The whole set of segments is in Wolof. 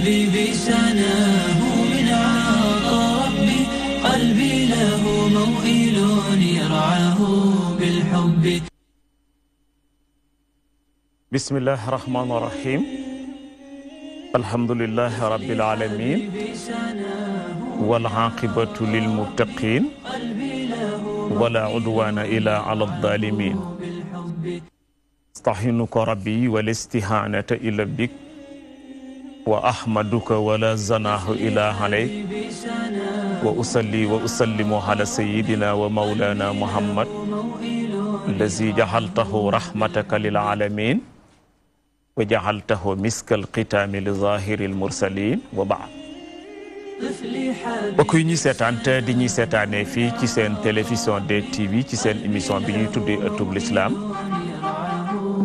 حبيبي سناه من عطاء ربي قلبي له موئل يرعاه بالحب بسم الله الرحمن الرحيم الحمد لله رب العالمين والعاقبة للمتقين ولا عدوان إلا على الظالمين استعينك ربي والاستهانة إلى بك وأحمدك ولا زناه إله عليك وأصلي وأسلم على سيدنا ومولانا محمد الذي جعلته رحمتك للعالمين وجعلته مسك القتام لظاهر المرسلين وبعد mbokk yi ñuy seetaan te di ñuy seetaanee fii ci seen télévision des DTV ci seen émission bi ñuy tuddee ëttub l'islam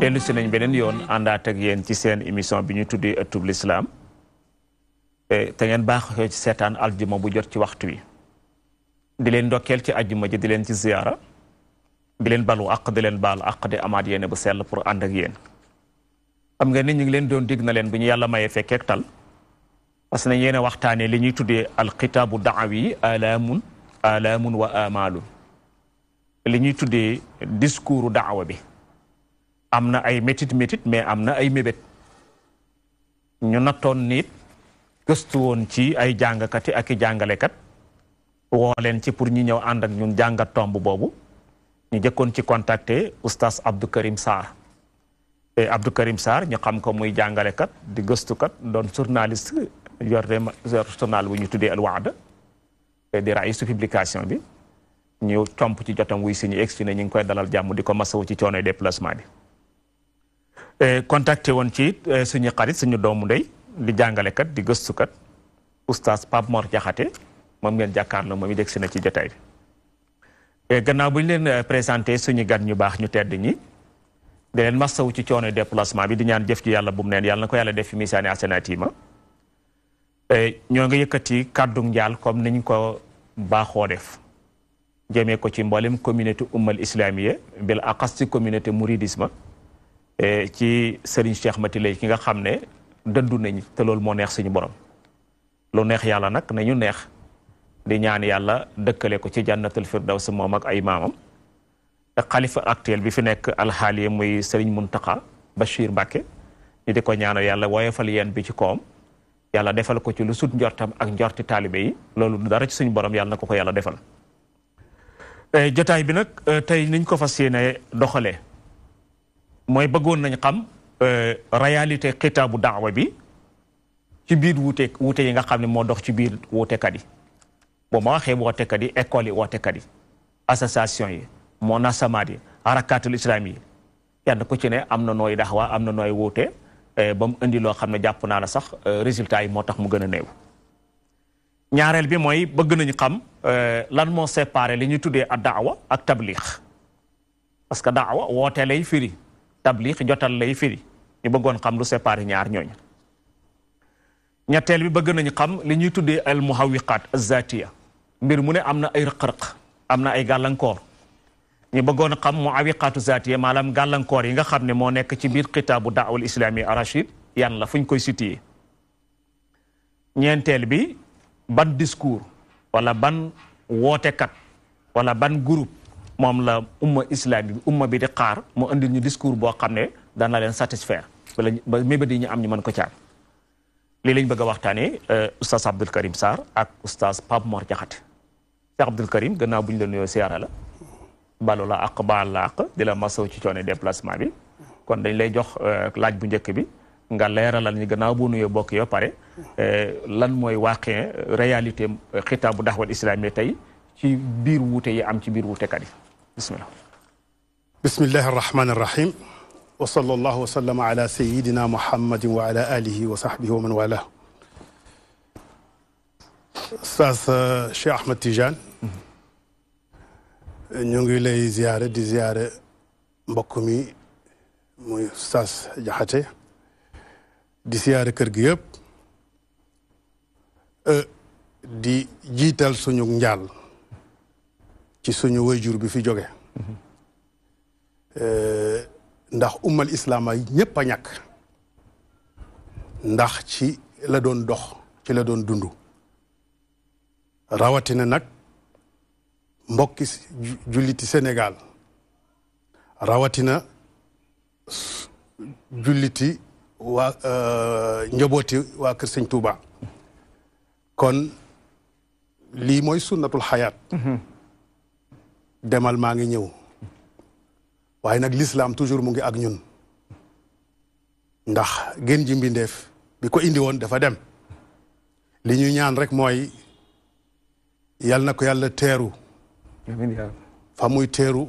dellu si nañ beneen yoon àndaat ak yéen ci seen émission bi ñu tuddee ëttub lislaam e, te ngeen baaxoo ci seetaan aljuma bu jot ci waxtu wi di leen ndokkeel ci ajjuma ji di leen ci ziyaara di leen balu àq di leen baalu àq di amaat yéene bu sell pour ànd ak yéen xam nga ni ñu ngi leen doon dig na leen bu ñu yàlla maye fekkeek tal parce que nañ yéen a waxtaanee li ñuy tuddee alxitaabu daawi alaamun alaamun wa amaalun li ñuy tuddee discours daawa bi amna ay metit, metit mais amna ay mebet ñu naton nit gëstu won ci ay jàngkat yi ak jangale kat wo len ci pour ñu ñew and ak ñun jangat tomb bobu ñu jëkkon ci contacter oustaz Abdou Karim sar et Abdou Karim sar ñu xam ko muy kat di kat don journaliste yorte journal bu ñu tuddé Al Wahda et di raisu publication bi ñu comp ci jotam wuy ex koy dalal jamm diko massaw ci cionay déplacement bi Eh, contacté woon ci eh, suñu xarit suñu doomu ndey di jàngale kat di gëstukat oustaz Pape Mor jaxate moom ngeen jàkkaarloo moom it yegsi na ci jotaay bi. Eh, gannaaw bu ñu leen présenté suñu gan ñu baax ñu tedd ñi di leen massawu ci coono déplacement bi di ñaan jëf ci yàlla bu mu neen yàlla na ko yàlla def fi misaani asanaatiima ñoo ngi yëkkati kàddu njaal comme niñ ko baaxoo def. jëmee ko ci mboolem communauté ummal islamiya bil axas ci communauté mouridisme. E ci Serigne Cheikh Mati ki nga xam ne dëddu nañ te loolu moo neex suñu borom lu neex yàlla nag nañu neex di ñaan yàlla dëkkale ko ci jannatul firdaws moom ak ay maamam te xalifa actuel bi fi nekk alxaali muy Serigne Mountakha Bachir Mbacké ñu di ko ñaanal yàlla woyofal yeen bi ci koom yàlla defal ko ci lu sut njortam ak njorti taalibe yi loolu dara ci suñu borom yàlla na ko ko yàlla defal e, jotaay bi nag e, tey niñ ko fas yéene doxalee mooy bëggoon nañ xam euh, réalité xitaabu daawa bi ci biir wuute wuute yi nga xam ne moo dox ci biir wuutekat yi bu ma waxee wootekat yi école yi wootekat yi association yi monasamaat yi arakatul islam yi kenn ku ci ne am na nooy daxwaa am na nooy wuute euh, ba mu indi loo xam ne jàpp naa ne sax euh, résultat yi moo tax mu gën a néew ñaareel bi mooy bëgg nañ xam lan moo séparé li ñu tuddee a daawa ak tablix parce que daawa woote lay firi tabliix jotal lay firi ñu bëggoon xam lu séparé ñaar ñooñu ñetteel bi bëgg nañu xam li ñuy tuddee al muhawiqat azatiya mbir mu ne am na ay rëq-rëq am na ay gàllankoor ñu bëggoon xam muhawiqatu zatiya maanaam gàllankoor yi nga xam ne moo nekk ci biir islami arachid yan la fuñ koy situé ñeenteel bi ban discours wala ban wootekat wala ban groupe moom la umma islami bi umma bi di xaar moo indil ñu discours boo xam ne dana leen satisfaire wala ba mébét yi ñu am ñu man ko caal lii lañ bëgg a waxtaanee euh, oustaz Abdou Karim Sarr ak oustaz Pape Mor Diakhaté Cheikh Abdou Karim gannaaw bu ñu la nuyoo siyaara la balu la àq baal la àq di la masaw ci coono déplacement bi kon dañ lay jox euh, laaj bu njëkk bi nga leerala ñu gannaaw bu nuyoo bokk yoo pare euh, lan mooy waaqee réalité xitaabu daxwal islami tey ci biir wuute yi am ci biir wuutekat yi بسم الله بسم الله الرحمن الرحيم وصلى الله وسلم على سيدنا محمد وعلى آله وصحبه ومن والاه أستاذ شيخ أحمد تيجان نيونغي لي زيارة دي زيارة مبكومي موي أستاذ جحاتي دي زيارة كرغيب دي جيتال سونيوك نجال ci suñu wayjur bi fi joge eh, ndax ummal islaam ay ñëpp a ñàkk ndax ci la doon dox ci la doon dund rawatina nag mbokki julliti Sénégal rawatina julliti waa eh, njabooti waa kër kon lii mooy sunnatul xayaat mm-hmm. demal maa ngi ñëw waaye nag lislaam toujours mu ngi ak ñun ndax gën jimbindef mbindeef bi ko indi woon dafa dem li ñu ñaan rek mooy yal na ko yàlla teeru fa muy teeru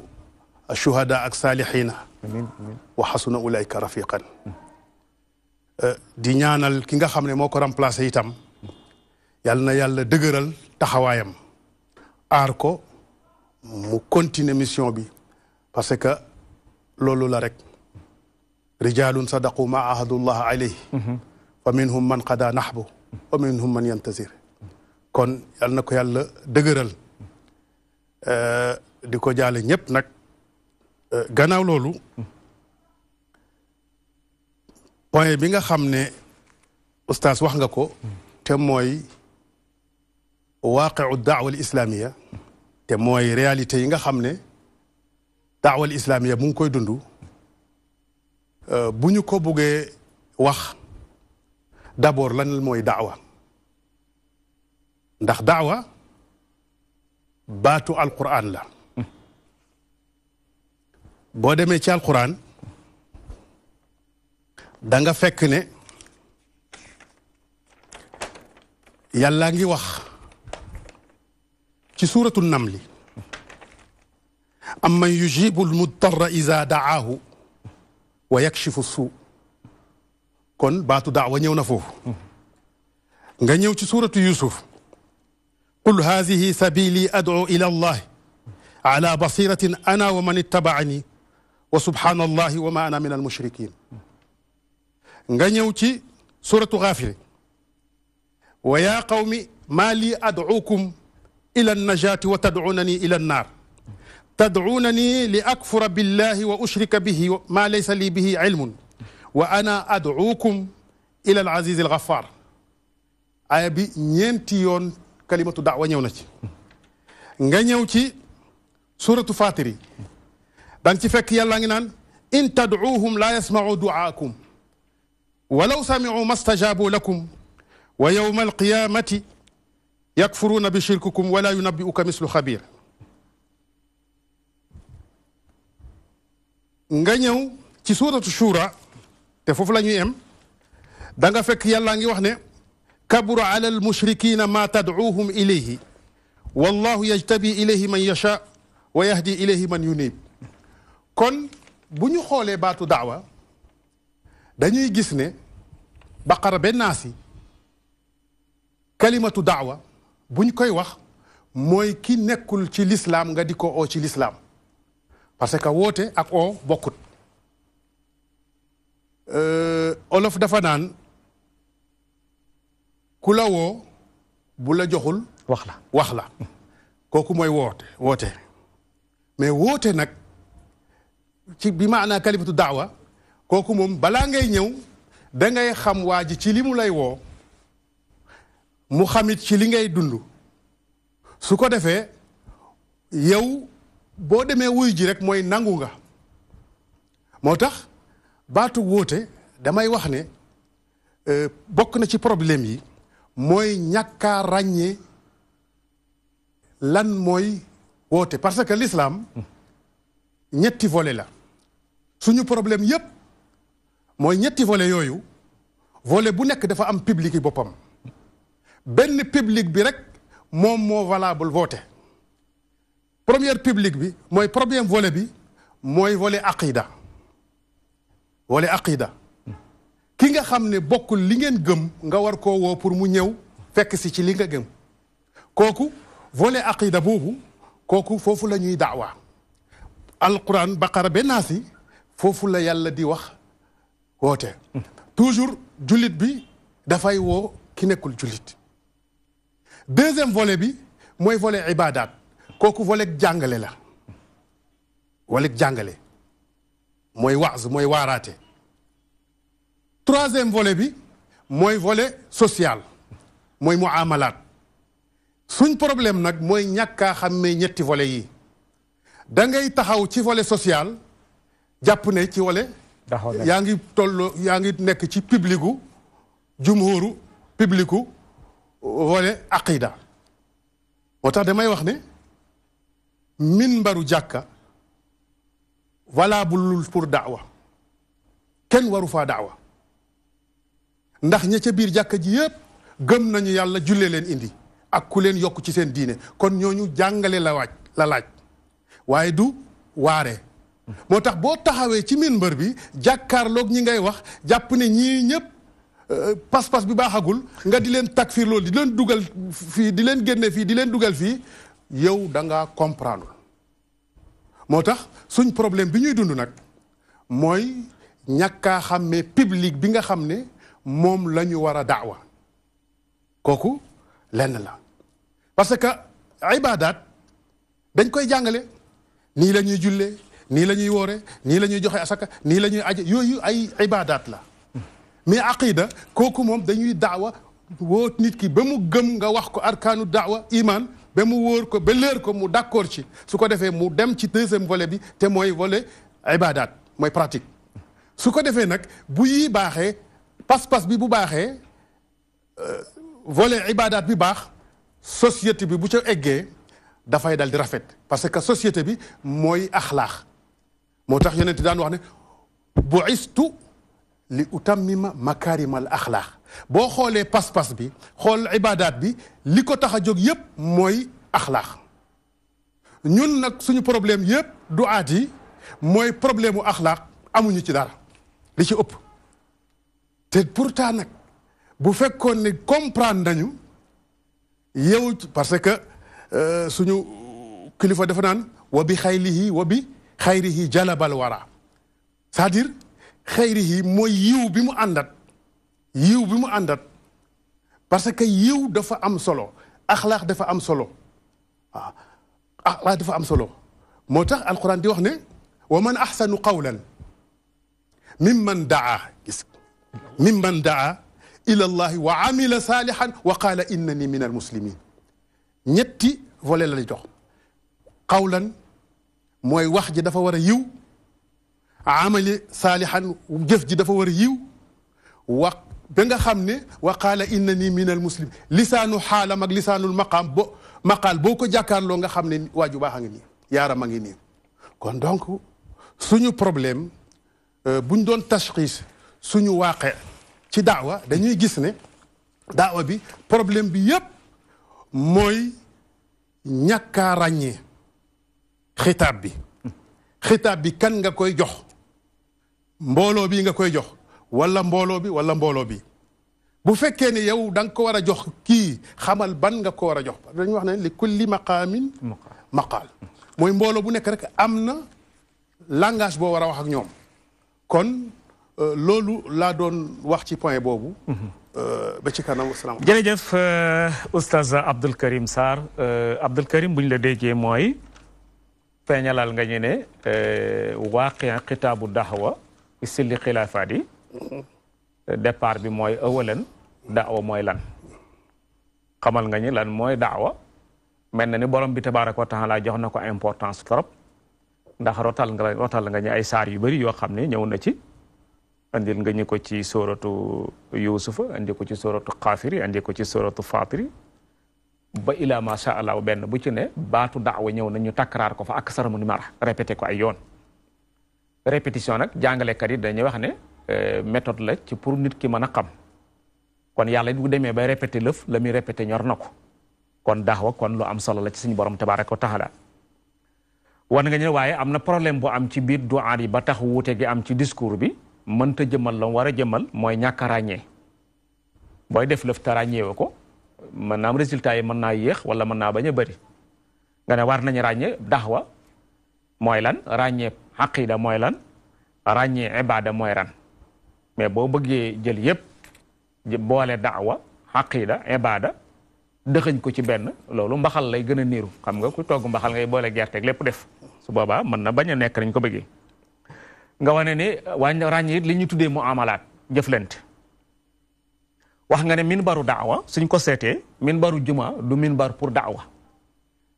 ashuhada ak saalihiina wa xasuna ulaika rafiqan euh, di ñaanal ki nga xam ne moo ko remplacé itam yal na yàlla dëgëral taxawaayam mu continuer mission bi parce que loolu la rek rijalun sadaqu ma ahadullah alayhi fa minhum man qada nahbu wa minhum man yantazir kon yal na ko yàlla deugural euh diko jale ñep nak ganaw loolu point bi nga xamne oustaz wax nga ko te moy waaqeu daawa al islamiya te mooy réalité yi nga xam ne daawal islamiya mu ngi koy dund euh, bu ñu ko buggee wax d'abord lan mooy daawa ndax daawa baatu alquran la boo demee ci alquran da nga fekk ne yàlla ngi wax ci suratu namli amman yujibu almudtar iza da'ahu wa yakshifu su kon batu da'wa ñew na fofu nga ñew قل هذه سبيلي أدعو إلى الله على بصيرة أنا ومن اتبعني وسبحان الله وما أنا من المشركين غنيوتي سورة غافر ويا قومي ما لي أدعوكم إلى النجاة وتدعونني إلى النار تدعونني لأكفر بالله وأشرك به ما ليس لي به علم وأنا أدعوكم إلى العزيز الغفار أبي نينتيون كلمة دعوة نيونتي نغنيوتي سورة فاتري دانتي فك يلا نان إن تدعوهم لا يسمعوا دعاءكم ولو سمعوا ما استجابوا لكم ويوم القيامة يكفرون بشرككم ولا ينبئك مثل خبير nga ñëw ci suuratu shura te foofu la ñuy em da nga fekk yàllaa ngi wax ne kabura ala almushrikina ma tadcuuhum ilayhi wallahu yajtabi ilayhi man yasha wa yahdi ilayhi man yunib kon bu ñu xoolee baatu daawa dañuy gis ne baqara be naasi kalimatu daawa buñ koy wax mooy ki nekkul ci lislaam nga di ko oo ci lislaam parce que woote ak oo bokkut euh, olof dafa naan ku la woo bula la joxul wax la wax la kooku mooy woote woote mais woote nag ci bi ma maanaa kalimatu daawa kooku moom balaa ngay ñëw da ngay xam waa ji ci limu lay woo mu xamit ci li ngay dund su ko defee yow boo demee wuy ji rek mooy nangu nga moo tax baatu wóote damay wax ne euh, bokk na ci problème yi mooy ñàkkaa ràññee lan mooy woote parce que l'islam ñetti volet la suñu problème yépp mooy ñetti vole yooyu volet bu nekk dafa am public boppam benn public bi rek moom moo valable voté première public bi mooy problème volet bi mooy volet aqida volet aqida ki nga xam ne bokkul li ngeen gëm nga war koo woo pour mu ñëw fekk si ci li nga gëm kooku vole aqida boobu kooku foofu la ñuy daawa alquran baqara ba naasi foofu la yàlla di wax woote toujours jullit bi dafay woo ki nekkul jullit deuxième volet bi mooy volet ibaadaat kooku volet jàngale la volet jàngale mooy waaz mooy waarate troisième volet bi mooy vole social mooy muamalaat suñ problème nag mooy xam xàmmee ñetti volet yi da ngay taxaw ci volet social jàpp na ci volet yaa ngi toll yaa ngi nekk ci publiku jumhuru publiku volet aqida moo tax damay wax ne min mbaru jàkka valable pour daawa kenn waru faa daawa ndax ña ca biir jàkka ji yépp gëm nañu yàlla jullee leen indi ak ku leen yokk ci seen diine kon ñooñu jàngale la waaj la laaj waaye du waare moo tax boo taxawee ci minbar bi jàkkaarloog ñi ngay wax jàpp ne ñii ñëpp pas-pas bi baaxagul nga di leen takfir loolu di leen dugal fii di leen génne fii di leen dugal fii yow da ngaa comprendre moo tax suñ problème bi ñuy dund nag mooy ñàkkaa xàmmee public bi nga xam ne moom la ñu war a daawa kooku lenn la parce que ibaadaat dañ koy jàngale nii lañuy ñuy nii la ñuy woore nii la ñuy joxe asaka nii lañuy ñuy aje yooyu ay ibaadaat la mais aqida kooku moom dañuy daawa woot nit ki ba mu gëm nga wax ko arkaanu daawa imaan ba mu wóor ko ba leer ko mu d'accord ci su ko defee mu dem ci deuxième volet bi te mooy volet ibadat mooy pratique su ko defee nag bu yi baaxee pas-pas bi bu baaxee euh, volet ibadat bi baax société bi bu ca eggee dafay dal di rafet parce que société bi mooy axlaax moo tax yonent daan wax ne bu istu li utammima makaarimal axlaax boo xoolee pas-pas bi xool ibaadaat bi li ko tax a jóg yépp mooy axlaax ñun nag suñu problème yépp du aat yi mooy problème mu axlaax amuñu ci dara li ci ëpp te taa nag bu fekkoon ne comprendre nañu yow parce que euh, suñu kilifa dafa naan wa bi xaylihi wa bi xayrihi jalabal wara cest à خيره موي يو بيمو اندات يو بيمو اندات باسكو يو دافا ام سولو اخلاق دافا ام سولو اخلاق دافا ام سولو موتاخ القران دي وخني ومن احسن قولا ممن دعا ممن دعا الى الله وعمل صالحا وقال انني من المسلمين نتي فولي لا قولا موي واحد جي ورا يو عملي صالحا وجف جي دافا وري يو خامني وقال انني من المسلم لسان حال مك لسان المقام بو مقال بوكو جاكار لوغا خامني واجو باخاغي يا يارا ماغي كون دونكو سونو problem آه، بندون تشخيص سونو واقع تي دعوه دانيي غيس دعوه بي problem بي ييب موي نياكا راني خطاب بي خطاب بي كان غاكوي جوخ mbooloo bi nga koy jox wala mbooloo bi wala mbooloo bi bu fekkee ne yow da nga ko war a jox kii xamal ban nga ko war a jox dañuy wax ne li kulli maqaamin maqaal mooy mbooloo bu nekk rek am na langage boo war a wax ak ñoom kon euh, loolu laa doon wax ci point boobu mhm. euh, ba ci kanam asalaam jërëjëf euh, oustaz Abdou Karim Sarr Abdou Karim bu ñu la déggee mooy feeñalal nga ñu ne waaqi xitaabu daxwa isilli xilaafaat yi départ bi mooy da daawa mooy lan xamal nga lan moi daawa mel ni borom bi tabaaraka wa taala jox na ko importance trop ndax rotal nga rotal nga ñi ay saar yu bëri yo xam ne ñëw na ci andil nga ñu ko ci andi ko ci sóoratu andi ko ci sóoratu ba ila masa allah benn bu ci ne baatu daawa ñëw na ñu takkaraar ko fa ak mara répété ko ay yoon répétition nag jàngalekat yi dañuy wax ne euh, méthode la ci pour nit ki mën a xam kon yàlla it bu demee bay répété lëf la muy répété ñor na ko kon daawa kon lu am solo la ci suñu borom tabaaraka wa taala wan nga ñu waaye am na problème bu am ci biir du'a yi ba tax wuute gi am ci discours bi mënta jëmal la war a jëmal mooy ñàkk ràññee booy def lëf te ràññeewu ko mën naa am résultat yi mën naa yéex wala mën naa bañ a bëri nga ne war nañu ràññee daawa mooy lan ràññee. aqida mooy lan ràññee ibada mooy ran mais boo bëggee jël yépp boole daawa aqida ibada dëxëñ ko ci benn loolu mbaxal lay gën a niiru xam nga ku toog mbaxal ngay boole gerte ak lépp def su boobaa mën na bañ a nekk nañ ko bëggee nga wane ne wàññ ràññee li ñu tuddee mu amalaat jëflante wax nga ne miin baru daawa suñ ko seetee min baru juma du min bar pour daawa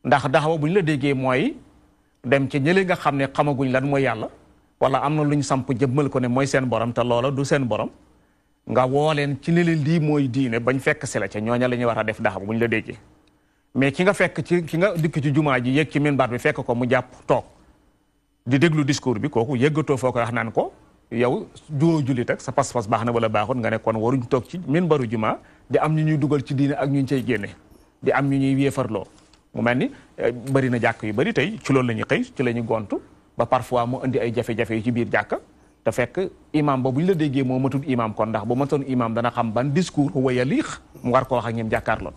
ndax daawa bu la déggee mooy dem ci ñële nga xam ne xamaguñ lan mooy yàlla wala am na lu ñu samp jëmmal ko ne mooy seen borom te loola du seen borom nga woo leen ci ne leen lii mooy diine bañ fekk si la ca ñooña la ñuy war a def daxam buñ la déggee mais ki nga fekk ci ki nga dikk ci jumaa ji yéeg ci minbar bi fekk ko mu jàpp toog di déglu discours bi kooku yëggatoo foo ko wax naan ko yow juwoo jullit ak sa pas-pas baax na wala baaxut nga ne kon waruñ toog ci minbaru jumaa di am ñu ñuy dugal ci diine ak ñu ñu cay mu mel ni eh, bari na jàkk yu bari tey ci loolu la ñuy xëy ci la ñuy gontu ba parfois mu indi ay jafe-jafe yu ci biir jàkka te fekk imam ba bu ñu la déggee moo matul imam kon ndax bu matoon imam dana xam ban discours waya liix mu war ko wax ak ñoom jàkkaarloon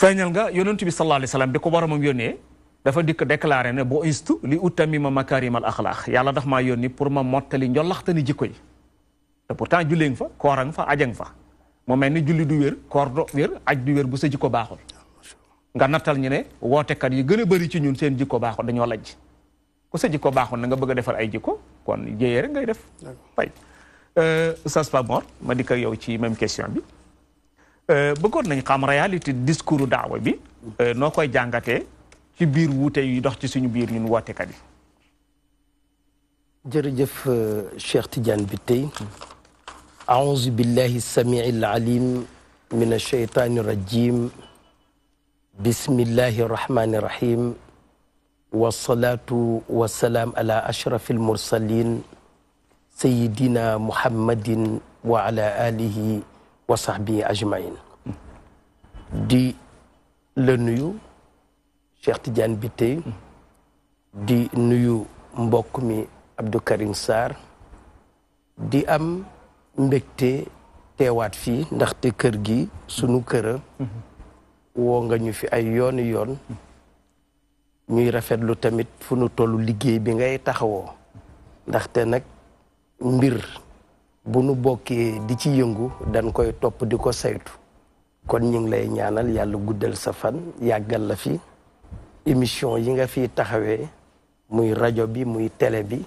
feeñal nga yonentu bi sallallahu alayhi wasallam bi ko boromam yónnee dafa dikk déclaré ne bo istu li utamima makarim al axlaq yàlla daf maa ni pour ma mottali njolaxtani jikko yi te pourtant jullee nga fa koorang fa ajang fa mu mel ni julli du wér koor do wér aj bu sa jikko baaxul nga nattal ñu ne wootekat yi gën a bëri ci ñun seen jikko baaxoon dañoo lajj ku sa jikko baaxoon na nga bëgg a defar ay jikko kon jéyee ngay def bay Oustaz Pape Mor ma dikk ak yow ci même question bi euh, bëggoon nañ xam réalité discours daawa bi euh, noo koy jàngatee ci biir wuute yi dox ci suñu biir ñun wootekat yi jërëjëf euh, Cheikh Tidiane bi tey aouzu billahi samii alalim min alcheytani rajim بسم الله الرحمن الرحيم والصلاة والسلام على أشرف المرسلين سيدنا محمد وعلى آله وصحبه أجمعين دي لنيو شيخ تجان بيتي دي نيو مبوكمي عبد الكريم سار دي أم مكتي تيوات في نختي كرجي سنو كره woo nga ñu fi ay yooni yoon ñuy rafetlu tamit fu nu tollu liggéey bi ngay taxawoo ndaxte nag mbir bu nu bokkee di ci yëngu dan koy topp di ko saytu kon ñu ngi lay ñaanal yàlla guddal sa fan yàggal la fi émission yi nga fiy taxawee muy rajo bi muy tele bi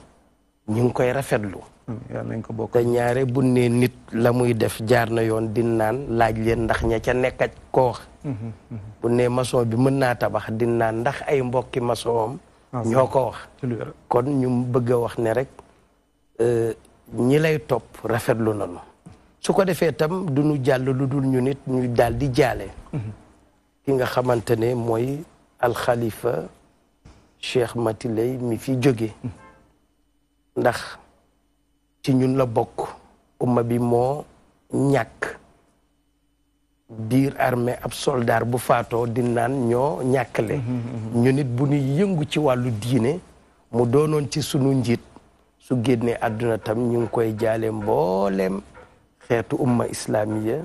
ñu ngi koy rafetlu nañ ko bokk ñaare bu ne nit la muy def jaar na yoon di naan laaj leen ndax ña ca nekkat ko wax mhm, mhm. bu ne maçon bi mën naa tabax di naan ndax ay mbokki maçon ah, ñoo ko wax kon ñu bëgg a wax ne rek euh, ñi lay topp rafetlu nañu su ko defee tam du ñu jàll lu dul ñu nit ñu daal di jaale mhm. ki nga xamante ne mooy alxalifa Cheikh Matiley mi fi jóge ndax ci ñun la bokk umma bi moo ñàkk biir armée ab soldaar bu faatoo di naan ñoo ñàkkale mm-hmm, mm-hmm. ñu nit bu ñu yëngu ci wàllu diine mu doonoon ci sunu njiit su génnee àdduna tam ñu ngi koy jaale mbooleem xeetu umma islaamiya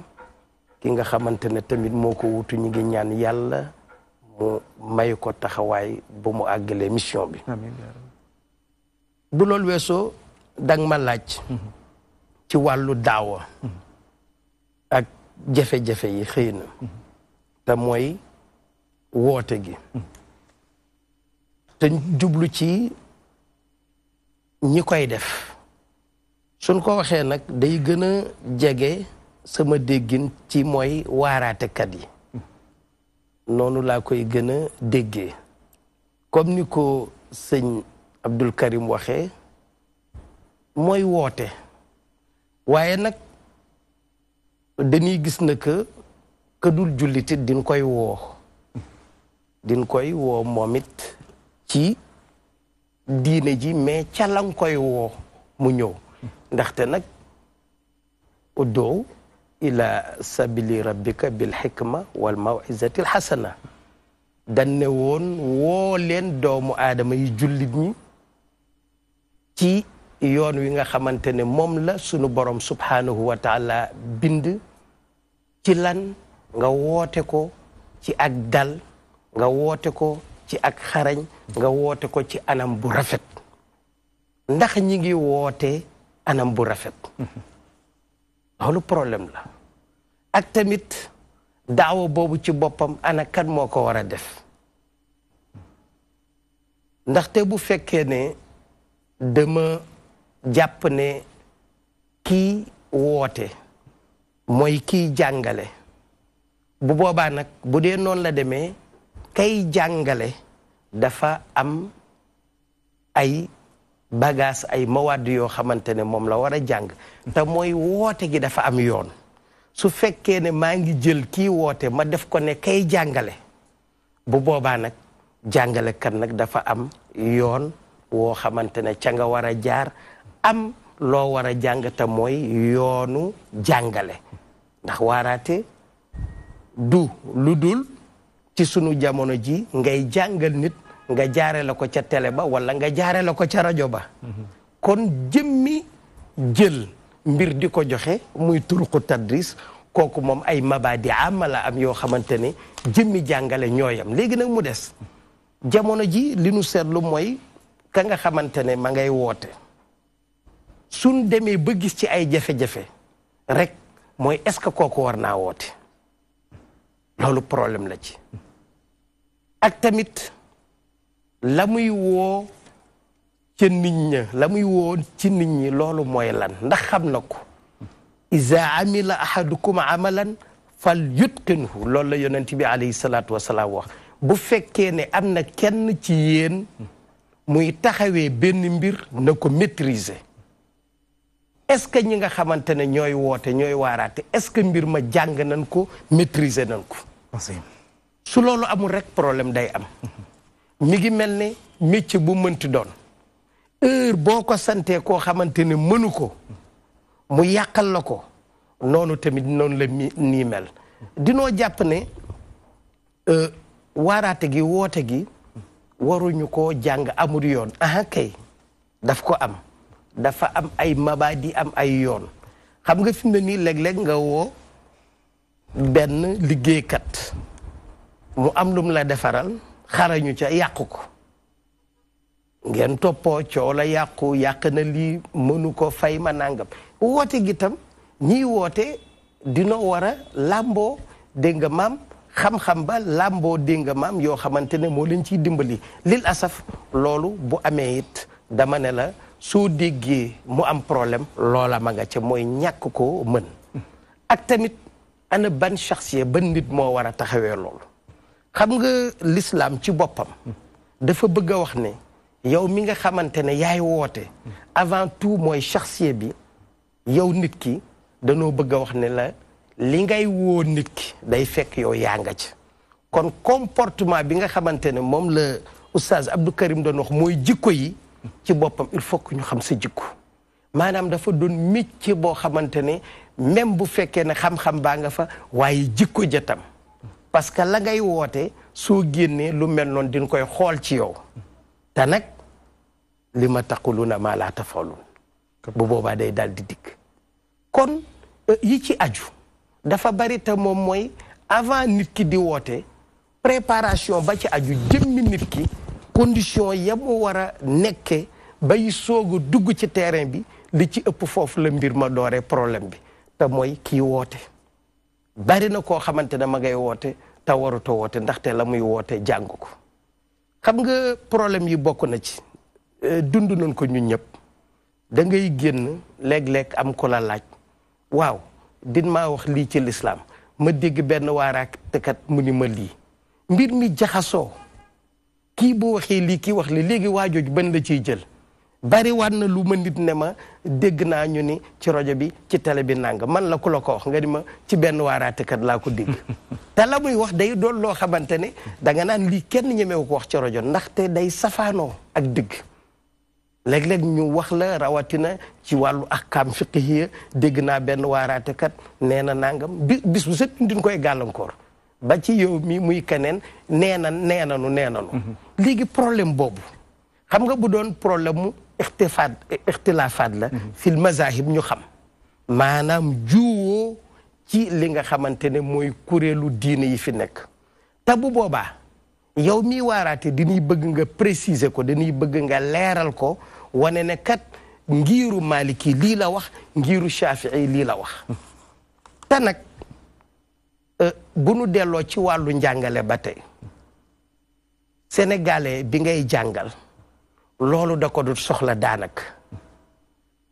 ki nga xamante ne tamit moo ko wutu ngi ñaan yàlla mu may ko taxawaay bu mu àggalee mission bi bu loolu weesoo dang ma laaj ci wàllu daawa ak jafe-jafe yi xëy na te mooy woote gi te jublu ci ñi koy def suñ ko waxee nag day gën a jege sama déggin ci mooy waaraatekat yi noonu laa koy gën a déggee comme ni ko sëñ Abdul Karim waxee mooy woote waaye nag dañuy gis na que këdul jullit din koy woo din koy woo moom it ci diine ji mais ca koy woo mu ñëw ndaxte nag uddoo ila sabili rabbika bil xikma wal mawizati alxasana dan ne woon woo leen doomu aadama yi jullit ñi ci yoon wi nga xamante ne moom la sunu borom subhanahu wa taala bind ci lan nga woote ko ci ak dal nga woote ko ci ak xarañ nga woote ko ci anam bu rafet ndax ñi ngi woote anam bu rafet loolu problème la ak tamit daawa boobu ci boppam ana kan moo ko war a def ndaxte bu fekkee ne dama jàpp ne kii woote mooy kii jàngale bu boobaa nag bu dee noonu la demee kay jàngale dafa am ay bagaas ay mawadd yoo xamante ne moom la war a jàng te mooy woote gi dafa am yoon su fekkee ne maa ngi jël kii woote ma def ko ne kay jàngale bu boobaa nag jàngalekat nag dafa am yoon woo xamante ne ca nga war a jaar am loo war a jàngata mooy yoonu jàngale ndax waraate du lu dul ci sunu jamono ji ngay jàngal nit nga jaare la ko ca tele ba wala nga jaare la ko ca rajo ba kon jëmmi jël mbir di ko joxe muy turuqu tadris kooku moom ay mabadi am la yoo xamante ne jëmmi jàngale ñooyam léegi nag mu des jamono ji li nu seetlu mooy ka nga xamante ne ma ngay woote suñ demee ba gis ci ay jafe-jafe rek mooy est-ce que kooku war naa woote loolu problème la ci ak tamit la muy woo ca nit ña la muy woo ci nit ñi loolu mooy lan ndax xam na ko iza amila ahadukum amalan fal yutqinhu loolu la yonent bi alayhi salaatu wasalaam wax bu fekkee ne am na kenn ci yéen muy taxawee benn mbir na ko maîtriser est-ce que ñi nga xamante ne ñooy woote ñooy waaraate est-ce que mbir ma jàng nañ ko maîtriser nañ ko su loolu amul rek problème day am mi ngi mel ne métier bu mënti doon heure boo ko santee koo xamante ne mënu ko mu yàqal la ko noonu tamit noonu la mi nii mel dinoo jàpp ne euh, waaraate gi woote gi waruñu koo jàng amul yoon aha kay daf ko am dafa am ay mabaadi am ay yoon xam nga fi mu ne nii léeg nga woo benn liggéeykat mu am lum la defaral xarañu ca yàqu ko ngeen toppoo coow la yàqu yàq na lii mënu ko fay ma nangam woote gi tam ñiy woote dinoo war a làmboo dégg nga maam xam-xam ba làmboo dégg nga maam yoo xamante ne moo leen ciy dimbali lil asaf loolu bu amee it dama ne la soo déggee mu am problème loola ma nga ca mooy ñàkk ko mën ak tamit ana ban chaxsiya ban nit moo war a taxawee loolu xam nga lislaam ci boppam dafa bëgg a wax ne yow mi nga xamante ne yaay woote avant tout mooy chaxsiya bi yow nit ki danoo bëgg a wax ne la li ngay woo nit ki day fekk yow yaa nga ci kon comportement bi nga xamante ne moom la oustaz Abdou Karim doon wax mooy jikko yi ci boppam il faut que ñu xam sa jikko maanaam dafa doon métier boo xamante ne même bu fekkee ne xam-xam baa nga fa waaye jikko jatam parce que la ngay woote soo génnee lu mel noon din koy xool ci yow te nag li ma taquluna maa laa tafalun bu boobaa day daal di dikk kon euh, yi ci aju dafa bari te moom mooy avant nit ki di woote préparation ba ci aju jëmmi nit ki condition ya mu war a nekkee bay soog a dugg ci terrain bi li ci ëpp foofu la mbir ma dooree problème bi te mooy kii woote bari na koo xamante ne ma ngay woote te waruta woote ndaxte la muy woote jàng ko xam nga problème yi bokk na ci euh, dund nañ ko ñun ñëpp da ngay génn léeg-léeg am ko la laaj waaw din maa wax lii ci lislaam ma dégg benn waaraak tekat mu ni ma lii mbir mi jaxasoo kii boo waxee lii kii wax li léegi waa jooju ban la ciy jël bari waat na lu ma nit ne ma dégg naa ñu ni ci rajo bi ci télé bi nang man la ku la ko wax nga ni ma ci benn waaraatekat laa ko dégg te la muy wax day doon loo xamante ne danga naan lii kenn ñemewu ko wax ci rajo ndaxte day safaanoo ak dëgg léeg-léeg ñu wax la rawatina ci wàllu ahkaam fiqhiya dégg naa benn waaraatekat nee na nangam bi bis bu set koy gàllankoor ba ci yow mi muy keneen nee na nee nanu nee nanu mhm. problème boobu xam nga bu doon problème mu ixtifaat ixtilaafaat la mhm. fil mazahib ñu xam maanaam juwoo ci li nga xamante ne mooy kuréelu diine yi fi nekk te bu boobaa yow miy waaraate dañuy bëgg nga préciser ko dañuy bëgg nga leeral ko wane ne kat ngiiru maliki lii la wax ngiiru shafii lii la wax mhm. te nag Euh, bu nu delloo ci wàllu njàngale ba tey sénégalais bi ngay jàngal loolu da ko dul soxla daanaka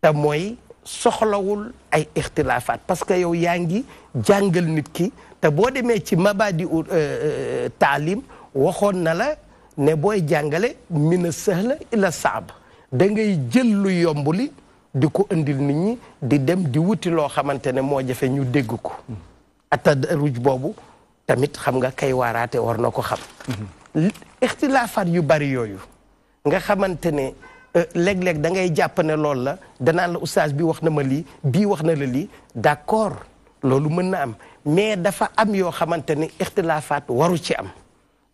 te mooy soxlawul ay ixtilaafaat parce que yow yaa ngi jàngal nit ki te boo demee ci mabadi euh, euh, taalim waxoon na la ne booy jàngale mina sahla ila saab da jël lu yomb di ko indil nit ñi di dem di wuti loo xamante ne moo jafe ñu dégg ko ataruj boobu tamit xam nga kay waaraate war na ko xam ixtilaafaat yu bari yooyu nga xamante ne euh, léeg-léeg da ngay jàpp ne loolu la danaan la oustaz bi wax na ma lii bii wax na la lii d'accord loolu mën na am mais dafa am yoo xamante ne ixtilaafaat waru ci am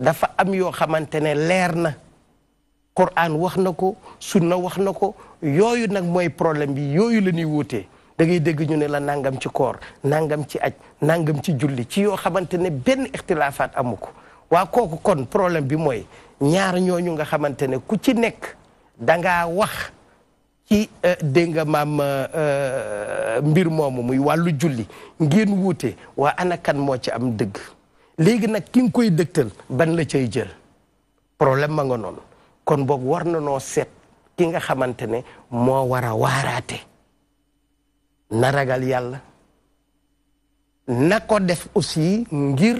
dafa am yoo xamante ne leer na Quran wax na ko sunna wax na ko yooyu nag mooy problème bi yooyu la ñuy wutee da ngay dégg ñu ne la nangam ci koor nangam ci aj nangam ci julli ci yoo xamante ne benn ixtilaafaat amu ko waa kooku kon problème bi mooy ñaar ñooñu nga xamante ne ku ci nekk dangaa wax ci euh, dégg nga maam euh, euh, mbir moomu muy wàllu julli ngeen wuute waa ana moo ci am dëgg léegi nag ki koy dëgtal ban la cay jël problème ma nga noonu kon boog war na noo seet ki nga xamante ne moo war a waaraate na ragal yàlla na ko def aussi ngir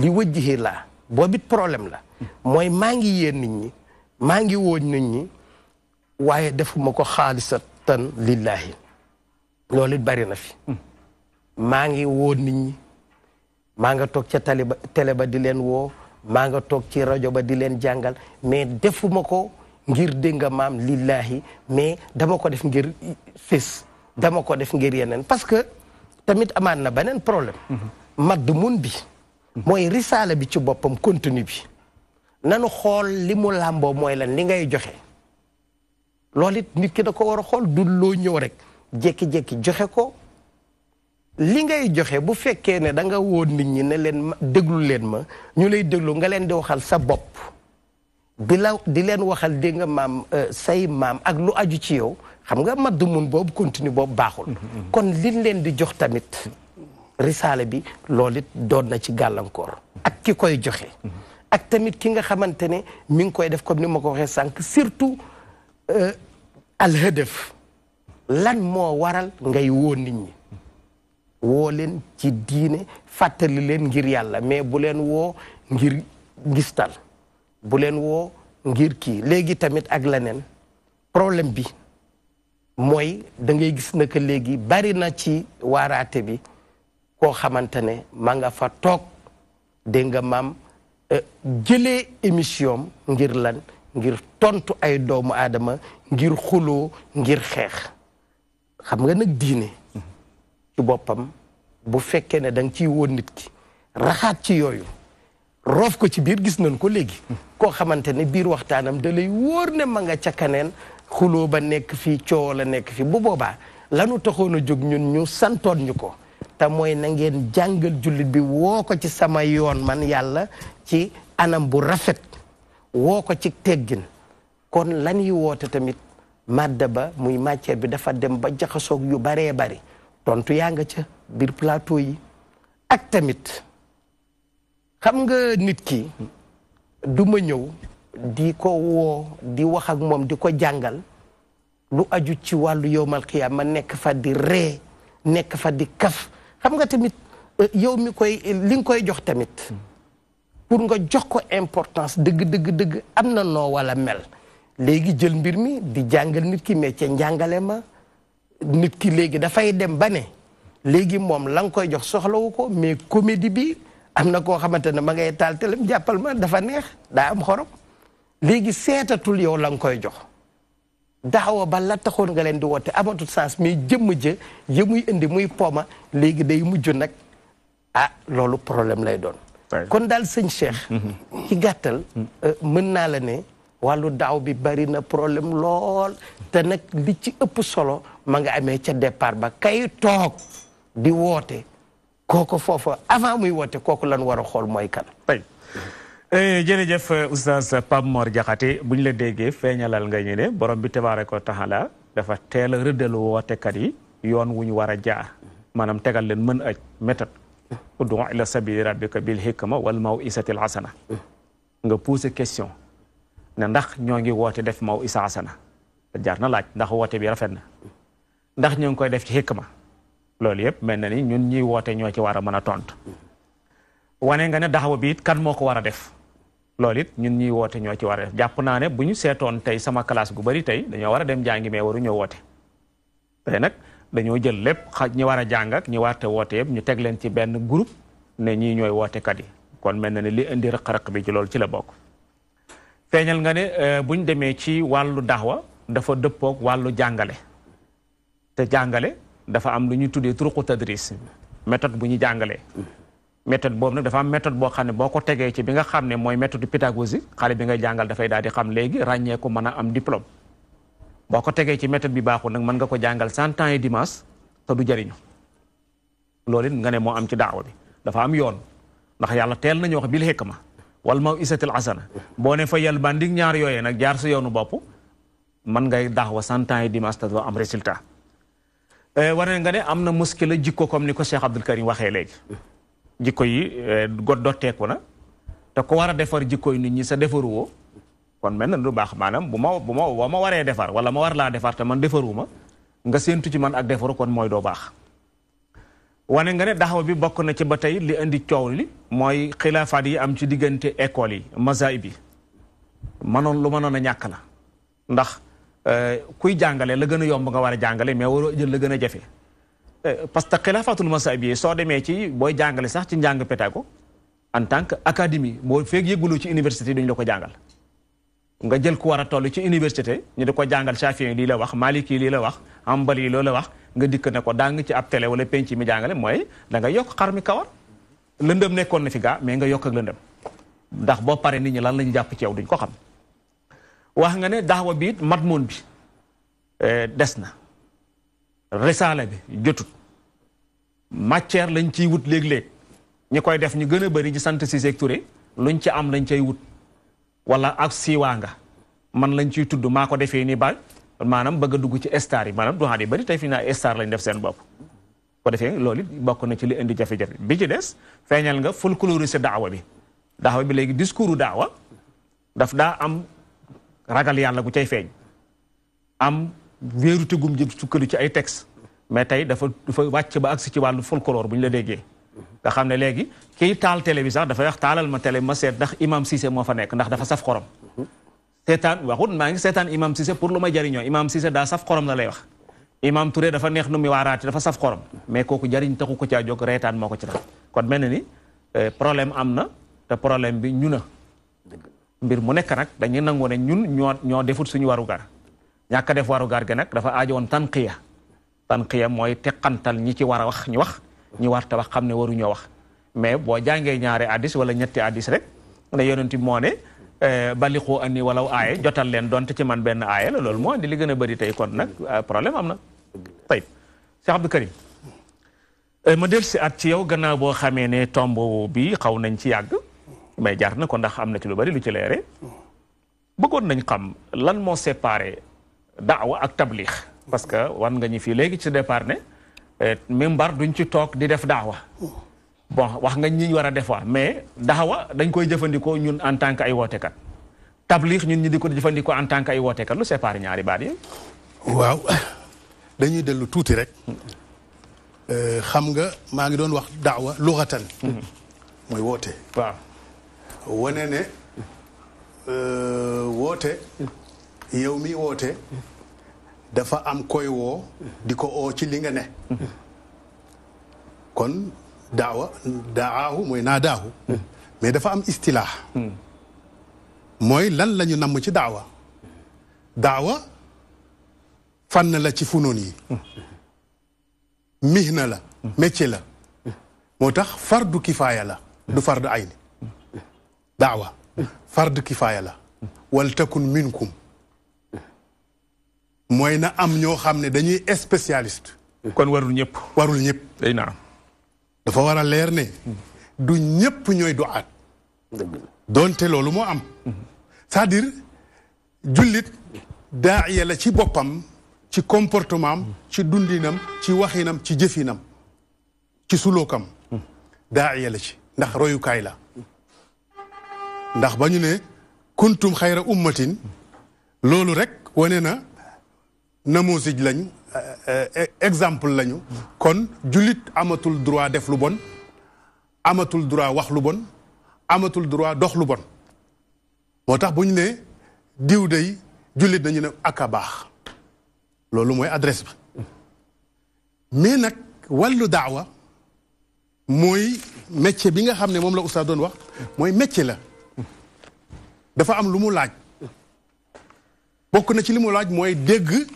li wëjjixi laa boobit problème la mooy maa ngi yéen nit ñi maa ngi wooñ nit ñi waaye defuma ko tan lillaahi loolu it bari na fi hmm. maa ngi woo nit maa nga toog ca tali ba ba di leen woo maa nga toog ci rajo ba di leen jàngal mais defuma ko ngir dégg nga maam lillaahi mais dama ko def ngir fis dama ko def ngir yeneen parce que tamit amaan na beneen problème mhm. mun bi mhm. mooy risaala bi ci boppam contenu bi nanu xool li mu làmboo mooy lan li ngay joxe loolu it nit ki da ko war a xool du loo ñëw rek jékki-jékki joxe ko li ngay joxe bu fekkee ne da nga woon nit ñi ne leen déglu leen ma ñu lay déglu nga leen di waxal sa bopp di la di leen waxal di nga maam euh, say maam ak lu aju ci yow xam nga maddu mun boobu continue boobu baaxul mm-hmm, mm-hmm. kon liñ leen di jox tamit risale bi loolu it doon na ci gàllankoor ak ki koy joxe mm-hmm. ak tamit ki nga xamante ne mi ngi koy def comme ni ma ko waxee sànq surtout euh, alhadaf lan moo waral ngay woo nit ñi woo leen ci diine fàttali leen ngir yàlla mais bu leen woo ngir ngistal bu leen woo ngir kii léegi tamit ak leneen problème bi mooy dangay gis na que léegi bari na ci waraate bi koo xamante ne ma nga fa toog dégg nga maam euh, jële émission ngir lan ngir tontu ay doomu aadama ngir xuloo ngir xeex xam nga nag diine ci boppam bu fekkee ne da nga ciy woon nit ki raxaat ci yooyu roof ko ci biir gis nañ ko léegi koo xamante ne biir waxtaanam da lay wóor ne ma nga ca kaneen xuloo ba nekk fii coow la nekk fii bu boobaa lanu taxoon a jóg ñun ñu santoon ñu ko te mooy na ngeen jàngal jullit bi woo ko ci sama yoon man yàlla ci anam bu rafet woo ko ci teggin kon lan yi woote tamit màdd ba muy matière bi dafa dem ba jaxasoog yu baree bari tontu yaa nga ca biir plateau yi ak tamit xam nga nit ki duma ñëw di ko woo di wax ak moom di ko jàngal lu aju ci wàllu yowmal xiyaam ma nekk fa di ree nekk fa di kaf xam nga tamit euh, yow mi koy li nga koy jox tamit pour nga jox ko importance dëgg dëgg dëgg am na noo walla mel léegi jël mbir mi di jàngal nit ki mais ca njàngale ma nit ki léegi dafay dem ba ne léegi moom la nga koy jox soxlawu ko mais comédie bi am na koo xamante ne ma ngay taal telem jàppal ma dafa neex daa am xorom léegi seetatul yow la nga koy jox daawa ba la taxoon nga leen di woote amatul sens mais jëmm jë ya muy indi muy poma léegi day mujj nag ah loolu problème lay doon kon daal sëñ Cheikh mhm. ci gàttal mhm. euh, mën naa la ne wàllu daaw bi bari na problème lool te nag li ci ëpp solo ma nga amee ca départ ba kay toog di woote kooku foofu avant muy woote kooku lan war a xool mooy kan Eh, jërëjëf oustaz Pape Mor Diakhaté bu ñu la déggee feeñalal nga ñu ne borom bi tabaaraka wa taala dafa teel a rëddal wootekat yi yoon wu ñu war a jaar maanaam tegal leen mën aj méthode uddu ila sabili rabbika bil ma wal mawisati al hasana nga posé question ne ndax ñoo ngi woote def maw isa hasana jaar na laaj ndax woote bi rafet na ndax ñoo ngi koy def ci ma loolu yëpp mel na ni ñun ñuy woote ñoo ci war a mën a tont wane nga ne daxawa bi it kan moo ko war a def loolu it ñun ñuy woote ñoo ci war a def jàpp naa ne bu ñu seetoon tey sama classe gu bëri tey dañoo war a dem jàngi mais waru ñoo woote tey nag dañoo jël lépp xaj ñi war a jàng ak ñi warte woote yëpp ñu teg leen ci benn groupe ne ñii ñooy wootekat yi kon mel na ne li indi rëq-rëq bi ci loolu ci la bokk feeñal nga ne euh, buñ demee ci wàllu daxwa dafa dëppook wàllu jàngale te jàngale dafa am lu ñuy tuddee turuqu tadris méthode bu ñu jàngalee méthode boobu nag dafa am méthode boo xam ne boo ko tegee ci bi nga xam ne mooy méthode pédagogique xale bi nga jàngal dafay daal di xam léegi ràññee ko mën a am diplôme boo ko tegee ci méthode bi baaxul nag mën nga ko jàngal cent ans dimanche te du jëriñu loolu nga ne moo am ci daawa bi dafa am yoon ndax yàlla teel nañu wax bil hikma wal maw'izatil assana boo ne fa yal bandik ñaar yooye nag jaar sa yoonu bopp mën ngay daawa cent ans et dimanche te doo am résultat eh, war nga ne am na muskila jikko comme ni ko Cheikh Abdul Karim waxee léegi jikko yi eh, god dotteeku na te ku war a defar jikko yi nit ñi sa defaruwoo kon mel na lu baax maanaam bu ma bu ma boo ma waree defar wala ma war laa defar te man defaruma nga séentu ci man ak defaru kon mooy doo baax wane nga ne daxaw bi bokk na ci ba tey li indi coow li mooy xilaafaat yi am ci diggante école yi mazaib bi manoon lu mënoon a ñàkk la ndax eh, kuy jàngale la gën a yomb nga war a jàngale mais waroo jël la gën a jafe Eh, parce que xilaafatul masaabi soo demee ci booy jàngale sax ci njàng pédago en tant que académie boo feeg yëguloo ci université duñ la ko jàngal nga jël ku war a toll ci université ñu de ko jàngal Shafi'i lii la wax Maliki lii la wax Hanbali loo la wax nga dikk ne ko daa ci ab télé wala penc mi jàngale mooy da nga yokk xar mi kawar lëndëm nekkoon na fi gaa mais nga yokk lëndëm ndax boo paree nit ñi lan la ñu jàpp ci yow duñ ko xam wax nga ne daawa bi mat madmun bi eh, des na risaale bi jotut matière lañ ciy wut léeg-léeg ñi koy def ñu gën a bëri ci sant Cissé Touré luñ ci am lañ cay wut wala ak siiwaa nga man lañ ciy tudd maa ko defee nii ba maanaam bëgg dugg ci star yi maanaam doxaan yi bëri tey fi naa star lañ def seen bopp. ko defee loolu it bokk na ci li indi jafe-jafe bi ci des feeñal nga folkloriser daawa bi daawa bi léegi discours daawa daf daa am ragal yàlla gu cay feeñ wéeru tegum jëm sukkandu ci ay tex mais tey dafa dafa wàcc ba agsi ci wàllu folklore bu ñu la déggee nga xam ne léegi kiy taal télé bi sax dafa wax taalal ma télé ma seet ndax imam Cissé moo fa nekk ndax dafa saf xorom seetaan waxut maa ngi seetaan imam Cissé pour lu ma jariñoo imam Cissé daa saf xorom la lay wax imam Touré dafa neex nu waaraat waaraati dafa saf xorom mais kooku jariñ taxu ko caa jóg reetaan moo ko ci tax kon mel na ni euh, problème am na te problème bi ñu na mbir mu nekk nag dañuy nangoo ne ñun ñoo ñoo defut suñu warugar ñàkk a def waru gaar ga nag dafa aajo woon tanqiya tanqiya mooy teqantal ñi ci war a wax ñu wax ñi war ta wax xam ne waruñoo wax mais boo jàngee ñaari addis wala ñetti addis rek ne yonent bi moo ne eh, baliqu anni walaw aaye jotal leen donte ci man benn aaye la loolu moo di li gën a bëri tey kon nag ah, problème am na tayib Cheikh Abdou Karim eh, ma del si at ci yow gannaaw boo xamee ne tomb bi xaw nañ ci yàgg mais jaar na ko ndax am na ci lu bari lu ci leere bëggoon nañ xam lan moo séparé daawa ak tabliix parce que wan nga ñu fii léegi ci départ ne eh, mimbar duñ ci toog di def daawa bon wax nga ñi war a def waa mais daawa dañ koy jëfandikoo ñun en tant que ay wootekat tabliix ñun ñi di ko jëfandikoo en tant que ay wootekat lu séparé ñaari baat yi waaw dañuy dellu tuuti rek eh, xam nga maa ngi doon wax daawa luxatan mooy woote waaw ne eh, woote yow mi woote dafa am koy woo di ko oo ci li nga ne kon daawa daawaahu mooy naa daaxu mais dafa am istilaax mooy lan lañu ñu namm ci daawa daawa fànn la ci funoon yi mihna la métier la moo tax fardu kifaaya la du fardu ayni daawa fardu kifaaya la wal takun minkum mooy na am ñoo xam ne dañuy spécialiste. kon warul ñëpp. warul ñëpp. day dafa war a leer ne. du ñëpp ñooy du'aat. doonte loolu moo am. c'est-à-dire jullit daaya la ci boppam ci comportement ci dundinam ci waxinam ci jëfinam ci sulookam. daaya la ci ndax royukaay la. ndax ba ñu ne kuntum xayra ummatin loolu rek wane na. namosij lañu euh, euh, e, exemple lañu kon jullit amatul droit def lu bon amatul droit wax lu bon amatul droit dox lu bon moo tax bu ñu nee diw day jullit nañu ne ak a baax loolu mooy adresse bi mais nag wàllu daawa mooy métier bi nga xam ne moom la oustaz doon wax mooy métier la dafa am lu mu laaj bokk na ci li mu laaj mooy dégg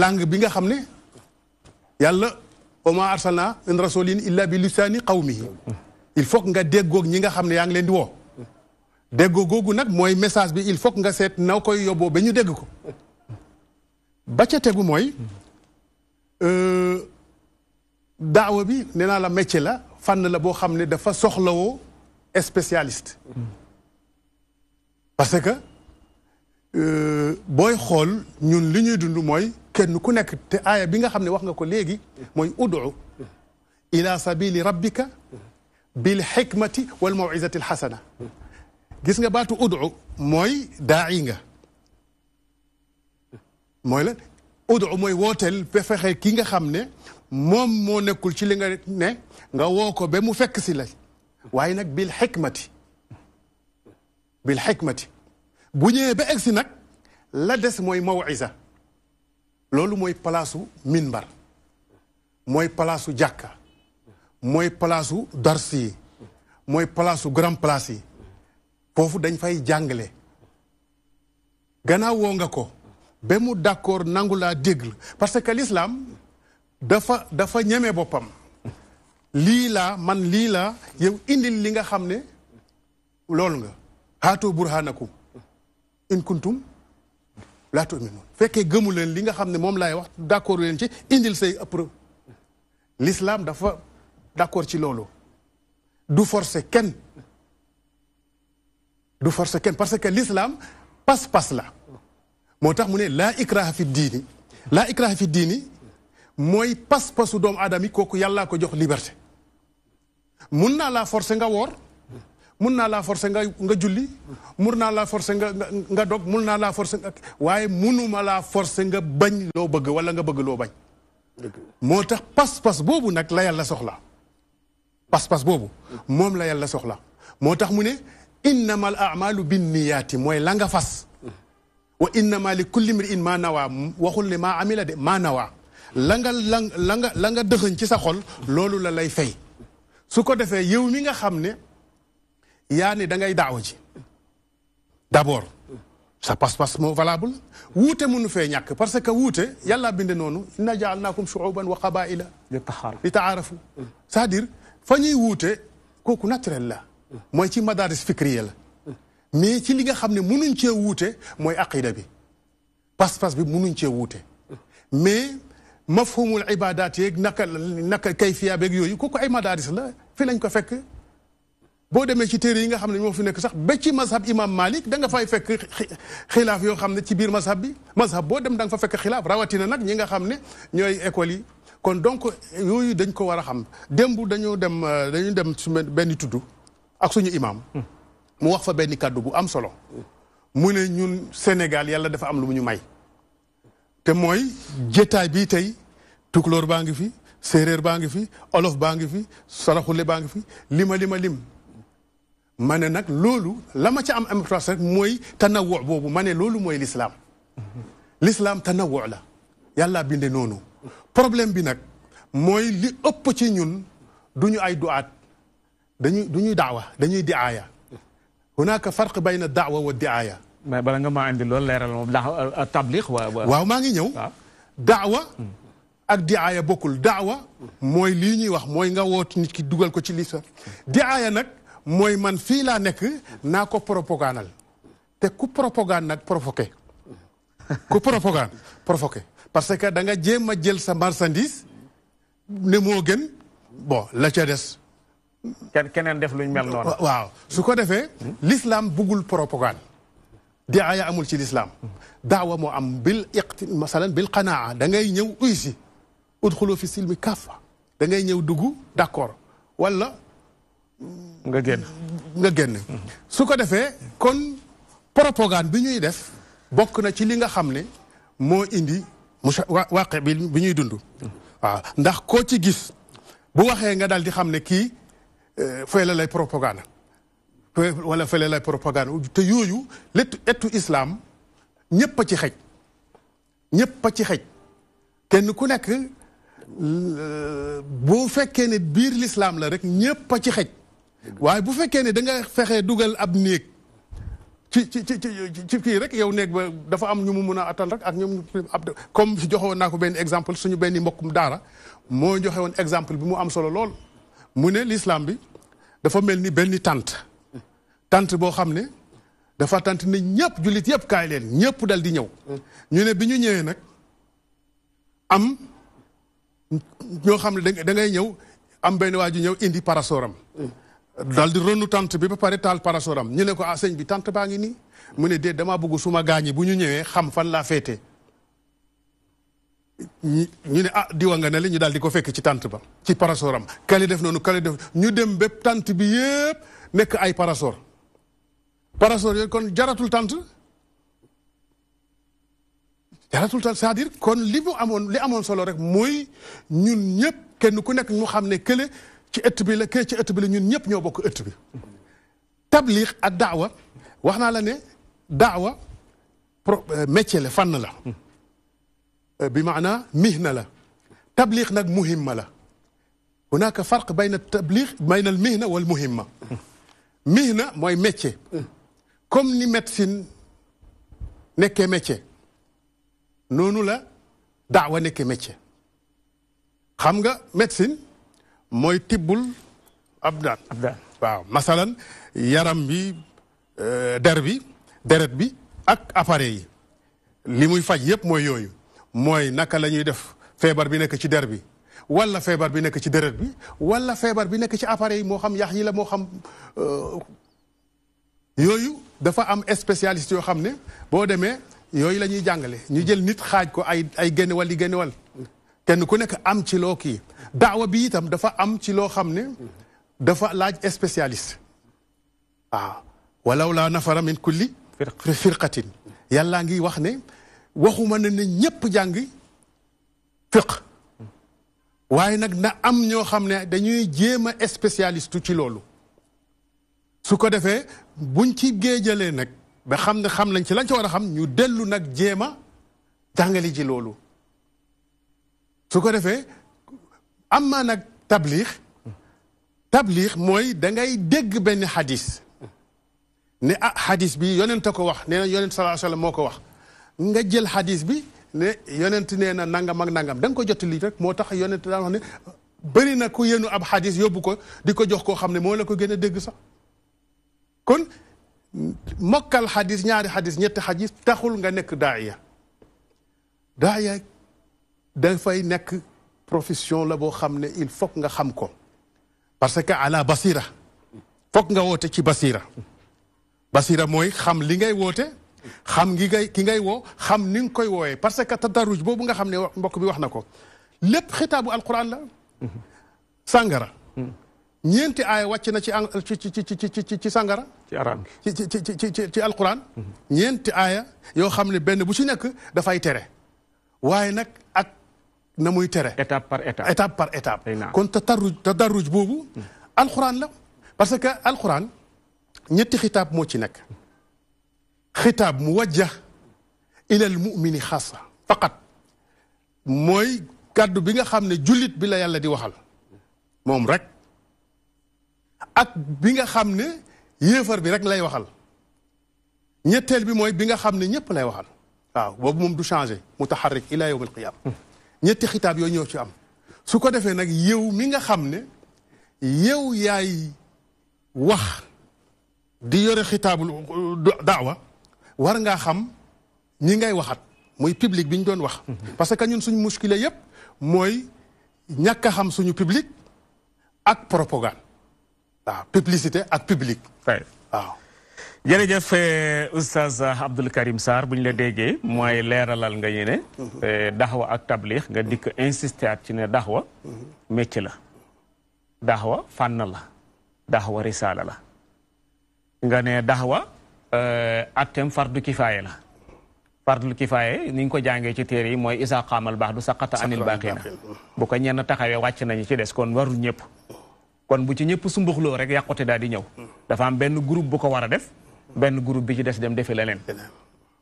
langue bi nga xam ne yàlla wa maa arsalna min rasulin illa bi lu xaw mi il faut nga déggoog ñi nga xam ne yaa ngi leen di woo déggoo googu nag mooy message bi il faut nga seet na koy yóbboo ba ñu dégg ko ba ca tegu mooy euh, daawa bi nee naa la métier la fànn la boo xam ne dafa soxlawoo spécialiste parce que euh, booy xool ñun li ñuy dund mooy kenn ku nekk te aaya bi nga xam ne wax nga ko léegi mooy udu ila sabili rabbika bil xikmati wal mawizati al xasana gis nga baatu udu mooy daa'i nga mooy la udu mooy wooteel ba fexe ki nga xam ne moom moo nekkul ci li nga ne nga woo ko ba mu fekk si la waaye nag bil xikmati bil xikmati bu ñëwee ba egsi nag la des mooy mawiza loolu mooy palaasu minbar mooy palaasu jàkka mooy palaasu dars yi mooy palaasu grand place yi foofu dañ fay jàngale gannaaw woo nga ko be mu d'accord nangu laa déglu parce que lislaam dafa dafa ñeme boppam lii laa man lii laa yow indil li nga xam ne loolu nga haatoo burhaanakum in kuntum laa tu'minuun noonu fekkee gëmu leen li nga xam ne moom laay wax d'accord leen ci indil say preuve lislaam dafa d'accord ci loolu du force kenn du forcer kenn parce que lislaam pas-pas la moo tax mu ne laa ikraha fi diini laa ikraha fi diini mooy pas-pasu doom aadama yi kooku yàllaa ko jox liberté mun naa laa forcer nga woor mun naa laa forcer nga nga julli mun naa laa forcer nga nga dog mun naa laa forcer nga waaye munuma laa forcer nga bañ loo bëgg wala nga bëgg loo bañ moo tax pas-pas boobu nag la yàlla soxla pas-pas boobu moom la yàlla soxla moo tax mu ne innamal amalu binniyaati mooy la nga fas wa innama li kulli mri'in ma nawaa waxul ne ma amila de maa nawaa la nga la la nga la nga dëxëñ ci sa xol loolu la lay fay su ko defee yow mi nga xam ne yaa ne da ngay daawa ji d'abord sa pas-pas moo valable wuute mënu fee ñàkk parce que wuute yàlla binde noonu inna jaalnaakum shuuban wa qabaila li taarafu c'est-à-dire fa ñuy wuute kooku naturel la mooy ci madaris fikriya la mais ci li nga xam ne mënuñ cee wuute mooy aqida bi pas-pas bi mënuñ cee wuute mais mafhumul ibadat yeeg naka naka kayfiya beeg yooyu kooku ay madaris la fi lañ ko fekk boo demee ci téere yi nga xam ne ñoo fi nekk sax ba ci mazhab imam malik da nga fay fekk xilaaf yoo xam ne ci biir mazhab bi mazhab boo dem da nga fa fekk xilaaf rawatina nag ñi nga xam ne ñooy école yi kon donc yooyu dañ ko war a xam démb dañu dem euh, dañu dem su benn tudd ak suñu imam mu wax fa benn kàddu bu am solo mu ne ñun Sénégal yàlla dafa am lu mu ñu may te mooy jétaay bii tey tukulóor baa ngi fi séeréer baa ngi fi olof baa ngi fi saraxule baa ngi fi lima lima lim ma ne nag loolu la ma ca am importance mooy tanawu boobu ma ne loolu mooy lislaam lislaam tanawu la yàlla binde noonu problème bi nag mooy li ëpp ci ñun duñu ay duaat dañuy duñuy daawa dañuy diaaya hunaka farq bayna daawa wa diaaya mais bala nga maa indi loolu leeral moom ndax euh, tabliq maa ngi ñëw daawa hmm. ak diaaya bokkul daawa mooy lii ñuy wax mooy nga woot nit ki dugal ko ci lislaam diaaya nag mooy man fii laa nekk naa ko propagandal te ku propagande nag provoqué ku propagande provoqué parce que da nga jéem a jël sa marchandise ne moo gën bon la ca des. kenn keneen def luñ mel noonu. waaw su ko defee. l'islam buggul propagande. diaaya amul ci l'islam. daawa moo am bil iqti masalan bil qanaa da ngay ñëw uysi udxulu fi silmi kaffa da ngay ñëw dugg d'accord wala. nga génn nga génn. su ko defee kon propagande bi ñuy def bokk na ci li nga xam ne moo indi musa waqe bi bi ñuy dund. waaw ndax koo ci gis bu waxee nga daal di xam ne kii euh, fële lay propagande wala fële te yooyu léttu ettu islam ñëpp a ci xej ñëpp a ci xej kenn ku nekk euh, boo fekkee ne biir l'islam la rek ñëpp ci xej. waaye bu fekkee ne da nga fexe dugal ab néeg ci ci ci ci kii rek yow néeg ba dafa am ñu mu mun a attan rek ak ñoom comme joxewoon naa ko benn exemple suñu benn mbokkum daara moo joxe woon exemple bi mu am solo lool mu ne l'islam bi dafa mel ni benn tante tante boo xam ne dafa tante ne ñëpp jullit yëpp kaay leen ñëpp dal di ñëw ñu ne bi ñu ñëwee nag am ñoo xam ne da ngay ñëw am benn waa ju ñëw indi parasoram daal di ronu tante bi ba pare taal parasoram ñu ne ko a ah, sëñ bi tante baa ngi nii mu ne dee damaa bëgg suma gaañi bu ñu ñëwee xam fan laa féete ñu ne ah diwa nga ne li ñu daal di ko fekk ci tante ba ci parasoram kale def noonu kale def ñu dem ba tant bi yëpp nekk ay parasor parasor yooyu kon jaratul tante jaratul tante cest kon li mu amoon li amoon solo rek mooy ñun ñëpp kenn ku nekk ñu xam ne kële ci ëtt bi la kee ci ëtt bi la ñun ñëpp ñoo bokk ëtt bi tabliq ak daawa wax naa la ne daawa pro métier la fànn la bi maana mihna la tabliq nag muhimma la hunaka farq bayna tabliq bayna al mihna wal muhimma mihna mooy métier comme ni médecine nekkee métier noonu la daawa nekkee métier xam nga médecine mooy tibbul ab daan waaw masalan yaram bi euh, der bi deret bi ak appareil yi li muy faj yëpp mooy yooyu mooy naka la ñuy def feebar bi nekk ci der bi wala feebar bi nekk ci deret bi wala feebar bi nekk ci appareil yi moo xam yax yi la moo xam euh, yooyu dafa am spécialiste yoo xam ne boo demee yooyu la ñuy jàngale ñu jël nit xaaj ko ay ay génn wal kenn ku nekk am ci loo kii daawa bi itam dafa am ci loo xam ne dafa laaj spécialiste waaw walaw laa nafara min kulli firqatin yàllaa ngi wax ne waxuma ne ne ñépp jàng fiq waaye nag na am ñoo xam ne dañuy jéem a spécialiste ci loolu su ko defee buñ ci géejalee nag be xam ne xam lañ ci lañ ci war a xam ñu dellu nag jéem a jàngale ji loolu su ko defee am maa nag tabliix tabliix mooy dangay ngay dégg benn xadis ne ah xadis bi yonent a ko wax nee na yonent sallallahu alayhi moo ko wax nga jël xadis bi ne yonent nee na nangam ak nangam da nga ko jot lii rek moo tax yonent daan wax ne bëri na ku yenu ab xadis yóbbu ko di ko jox koo xam ne moo la ko gën a dégg sax kon mokkal xadis ñaari xadis ñetti xadis taxul nga nekk daa daaya dafay nekk profession la boo xam ne il fok nga xam ko parce que ala basira foog nga woote ci basira basira mooy xam li ngay woote xam ngi ngay ki ngay woo xam ni nga koy woowee parce que tadaruj boobu nga xam ne mbokk bi wax na ko lépp xitaabu alquran la sangara ñeenti aaya wàcc na ci ci ci ci ci ci ci arab ñeenti aaya yoo xam ne benn bu ci nekk dafay tere waaye nag نموي ترى اتاب بار اتاب اتاب بار اتاب كنت تدرج تدرج بوبو القران لا باسكو القران نيتي خطاب موتي نك خطاب موجه الى المؤمن خاصه فقط موي كادو بيغا خامني جوليت بلا يالا دي وخال موم رك اك بيغا خامني ييفر بي رك لاي وخال نيتل بي موي بيغا خامني نييب لاي وخال واو بوم دو شانجي متحرك الى يوم القيامه ñetti xitaab yooyu ñoo ci am su ko defee nag yow mi nga xam ne yow yaay wax di yore xitaabul euh, daawa war ngaa xam ñi ngay waxat muy public bi ñu doon wax mhm. parce que ñun suñu muskile yépp mooy ñàkk xam suñu public ak propagande waaw publicité ak public waaw jërëjëf euh, oustaz Abdou Karim Sarr bu ñu la déggee mooy leeralal nga ñu ne. Mhm. Euh, daxwa ak tabliix nga dikk insister ci ne daxwa. Mhm. métti la. daxwa fànn la. daxwa risaala la. nga ne daxwa euh, attem fardu kifaaya la. fardul kifaaye ni nga ko jàngee ci téere yi mooy isa baax du saqata anil baaqina mhm. bu ko ñenn taxawee wàcc nañu ci des kon waru ñëpp kon bu ci ñëpp loo rek yàqute daal di ñëw dafa am benn groupe bu ko war a def benn groupe bi ci des dem defi leneen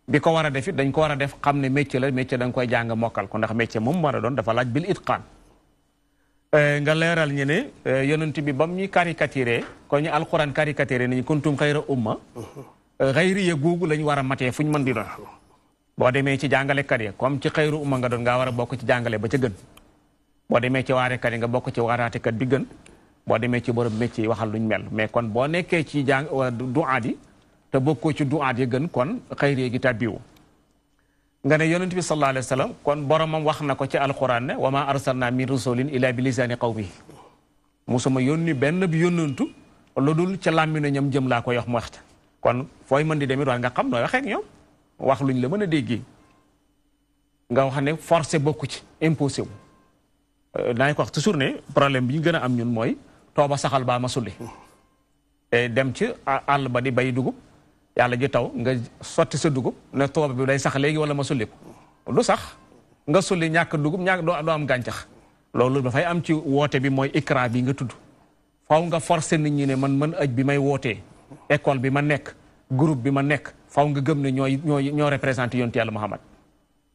bi ko war a def dañ ko war def xam ne métier la métier da nga koy jàng mokkal ko ndax métier moom war a doon dafa laaj bil itqaan euh, nga leeral ñu ne euh, yonent bi bam ñuy ko ñu alquran caricaturé nañu kuntum xayra umma euh, xayri ya googu lañ war a matee fuñ mën di doon boo demee ci jàngalekat ya comme ci xayru umma nga doon ngaa war bokk ci jàngale ba ca gën boo demee ci waarekat yi nga bokk ci waaraatekat bi gën boo de ci borom métier yi waxal luñ mel mais kon boo nekkee ci jàng duaa te bokkoo ci duaat ya gën kon xayree gi tàbbiwu nga ne yonent bi sallallahu alayhi wa sallam kon boromam wax na ko ci alquran ne wa ma arsalna min rasulin illa bi lisaani qawmihi musuma yónni benn bi yónnantu lu dul ca làmmi na ñam jëm laa koy wax mu waxta kon fooy mën di demit war nga xam nooy waxee ak ñoom wax luñ la mën a déggee nga wax ne forcé bokku ci imposé wu euh, naa ko wax toujours ne problème bi ñu gën a am ñun mooy ba saxal baa ma sulli dem ci àll ba di bay dugub yàlla ji taw nga sotti sa dugub ne toob bi day sax léegi wala ma sulli lu sax nga sulli ñàkk dugub ñàkk doo am gàncax loolu dafay am ci woote bi mooy ikra bi nga tudd faw nga forcer nit ñi ne man man aj bi may wootee école bi ma nekk groupe bi ma nekk faw nga gëm ne ñooy ñooy ñoo représenté yonti yàlla Muhammad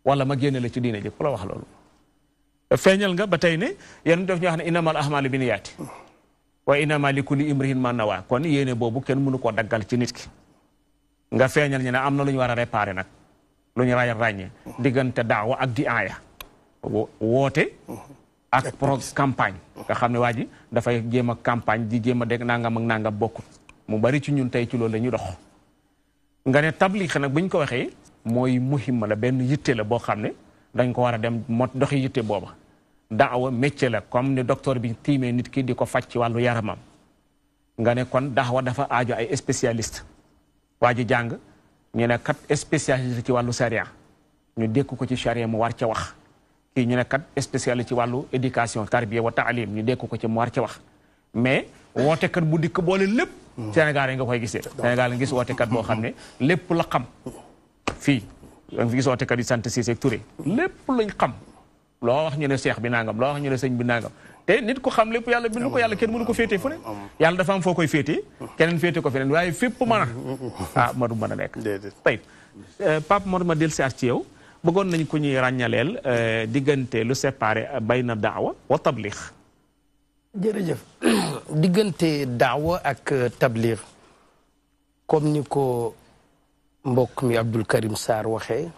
wala ma génne la ci diine ji ku la wax loolu feeñal nga ba tey ne yéen def ñoo xam ne inamal ahmalu bi niyaati wa inama li kulli imrihin ma nawa kon yéene boobu kenn mënu koo daggal ci nit ki nga feeñal ñu na am na lu ñu war a réparé nag lu ñu raay ràññee diggante daawa ak di aaya woote ak pro campagne nga xam ne waa ji dafay jéem a campagne ji jéem a dégg nangam ak nangam bokkut mu bari ci ñun tey ci loolu la dox nga ne tabliix nag bu ñu ko waxee mooy muhimma la benn yitte la boo xam ne dañ ko war a dem mot doxi yitte booba daawa métier la comme ni docteur bi tiime nit ki di ko faj ci wàllu yaramam nga ne kon daawa dafa aajo ay spécialiste waa ji jàng ñu ne kat spécialisé ci wàllu charia ñu dékk ko ci charia mu war ca wax kii ñu ne kat spécialisé ci wàllu éducation tarbiya wa taalim ñu dékk ko ci mu war ca wax mais wootekat bu dikk boole lépp Sénégal yi nga koy gisee Sénégal nga gis woote wootekat boo xam ne lépp la xam fii nga gis wootekat yi sant Cissé Touré lépp lañ xam loo wax ñu ne seex bi nangam loo wax ñu ne sëñ bi nangam te nit ku xam lépp yàlla bindu ko yàlla kenn mënu ko féetee fu ne yàlla dafa am foo koy féetee keneen féete ko feneen waaye fépp mën a ah ma du mën a nekk tey euh, Pape Mor ma del si yow bëggoon nañ ku ñuy ràññaleel euh, diggante lu séparé euh, bay na daawa wa tablix jërëjëf diggante daawa ak tablix comme ni ko mbokk mi Abdul Karim Sarr waxee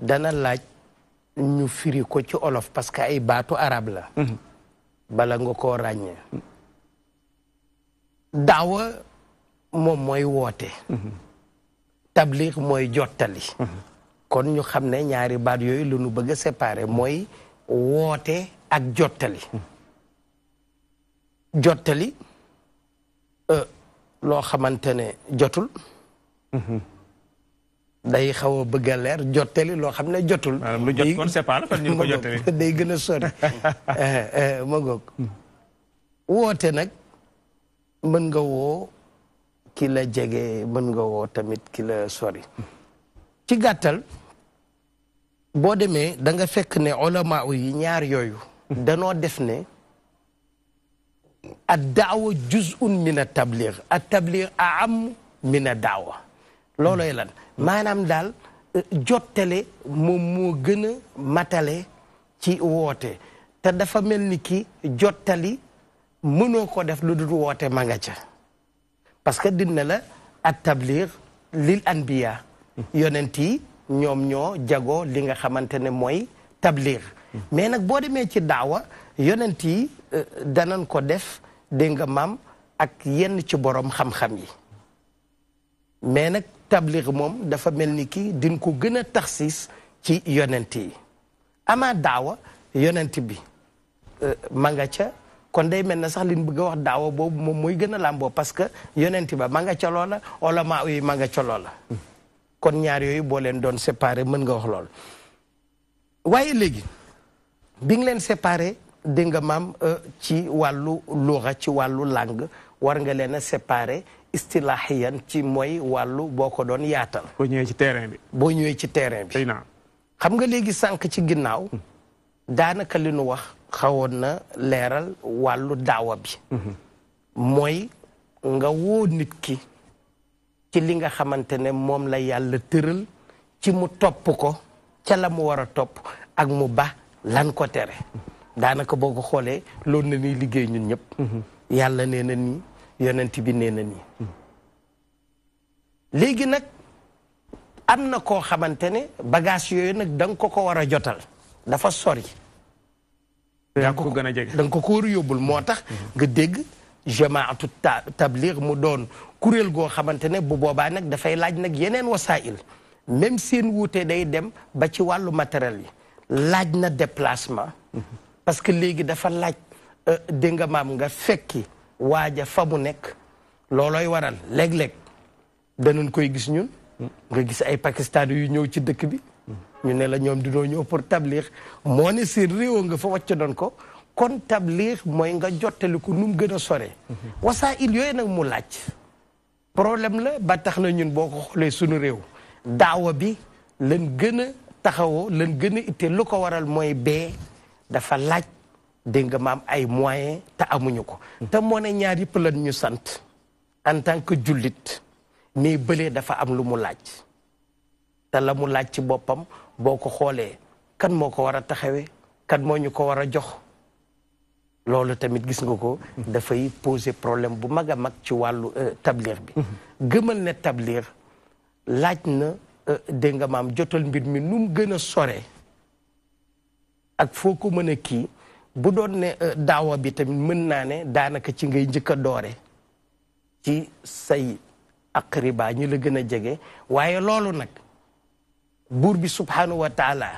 dana laaj ñu firi ko ci olof parce que ay baatu arab la mhm. bala nga ko ràññee daawa moom mooy woote mhm. tabliix mooy jottali kon ñu xam ne ñaari baat yooyu lu nu bëgg a séparer mooy woote ak jottali jottali euh, loo xamante ne jotul mhm. day xaw a bëgg a leer jottali loo xam ne jotul. maanaam lu jot kon c'est pas la fan ñu ko jottali day gën a sori. Eh, eh, ma goog woote nag mën nga woo ki la jege mën nga woo tamit kila la sori. ci gàttal boo demee danga fekk ne olama yi ñaar yooyu. danoo def ne. ad daawa juz'un min at tabliq at tabliq aam min ad daawa loolooy lan. maanaam daal euh, jottale moom moo gën a matale ci woote te dafa mel ni ki jottali mënoo ko def lu dul woote ma nga ca parce que dinna la at tablir lil anbiya yonent yi ñoom ñoo jagoo li nga xamante ne mooy tablir mais nag boo demee ci daawa yonent yi euh, danan ko def dégg nga maam ak yenn ci borom xam-xam yi mais tabliq moom dafa mel ni kii din ko gën a taxsis ci yonent yi ama daawa yonent bi euh, ma ca kon day mel na sax liñ bëgg a wax daawa boobu moom mooy gën a làmboo parce que yonent ba ma nga ca loola olama yi ma nga ca loola kon ñaar yooyu boo leen doon séparé mën nga wax lool waaye léegi bing leen séparé dégg nga maam euh, ci wàllu luxa ci wàllu langue war nga leen a séparé istilaahiyan ci mooy wàllu boo ko doon yaatal. boo ñëwee ci terrain bi. boo ñëwee ci terrain bi. xam nga léegi sànq ci ginnaaw. daanaka li nu wax xawoon na leeral wàllu daawa bi. mooy nga woo nit ki ci li nga xamante ne moom la yàlla tëral ci mu topp ko ca la mu war a topp ak mu ba lan ko tere daanaka boo ko xoolee loolu na ni liggéey ñun ñëpp. Mm-hmm. yàlla nee na nii. yonent bi nee na nii léegi nag am na koo xamante ne bagage yooyu nag da nga ko ko war a jotal dafa sori da ko gën a jege da nga ko ko war a yóbbul moo tax nga dégg jamaatu tablir mu doon kuréel goo xamante ne bu boobaa nag dafay laaj nag yeneen wasaa'il même seen wuute day dem ba ci wàllu matériel yi laaj na déplacement mhm. parce que léegi dafa laaj euh, dégg nga maam nga fekki waaja fa mu nekk loolooy waral léeg-léeg danañ koy gis ñun nga gis ay pakistaan yu ñëw ci dëkk bi ñu ne la ñoom dinoo ñëw pour tabliix moo ne seen réew nga fa wàcc doon ko kon tabliix mooy nga jottali ko nu mu gën a sore wasaa il yooyu nag mu laaj problème la ba tax na ñun boo ko xoolee suñu réew daawa bi lan gën a taxawoo lan gën a itte lu ko waral mooy bee dafa laaj dégg nga maam ay moyen te amuñu ko. te moo ne ñaar yëpp lan ñu sant en tant que jullit mais bële dafa am lu mu laaj te la mu laaj ci boppam boo ko xoolee kan moo ko war a taxawee kan moo ñu ko war a jox. loolu tamit gis nga ko dafay pose problème bu mag a mag ci wàllu euh, tablir bi gëmal ne tablir laaj na euh, dégg nga maam jotal mbir mi nu mu gën a sore ak foo ko mën a kii bu doon ne euh, daawa bi tamit mën naa ne daanaka ci ngay njëkk a doore ci say aqriba ñi la gën a jege waaye loolu nag buur bi subhanahu wa taala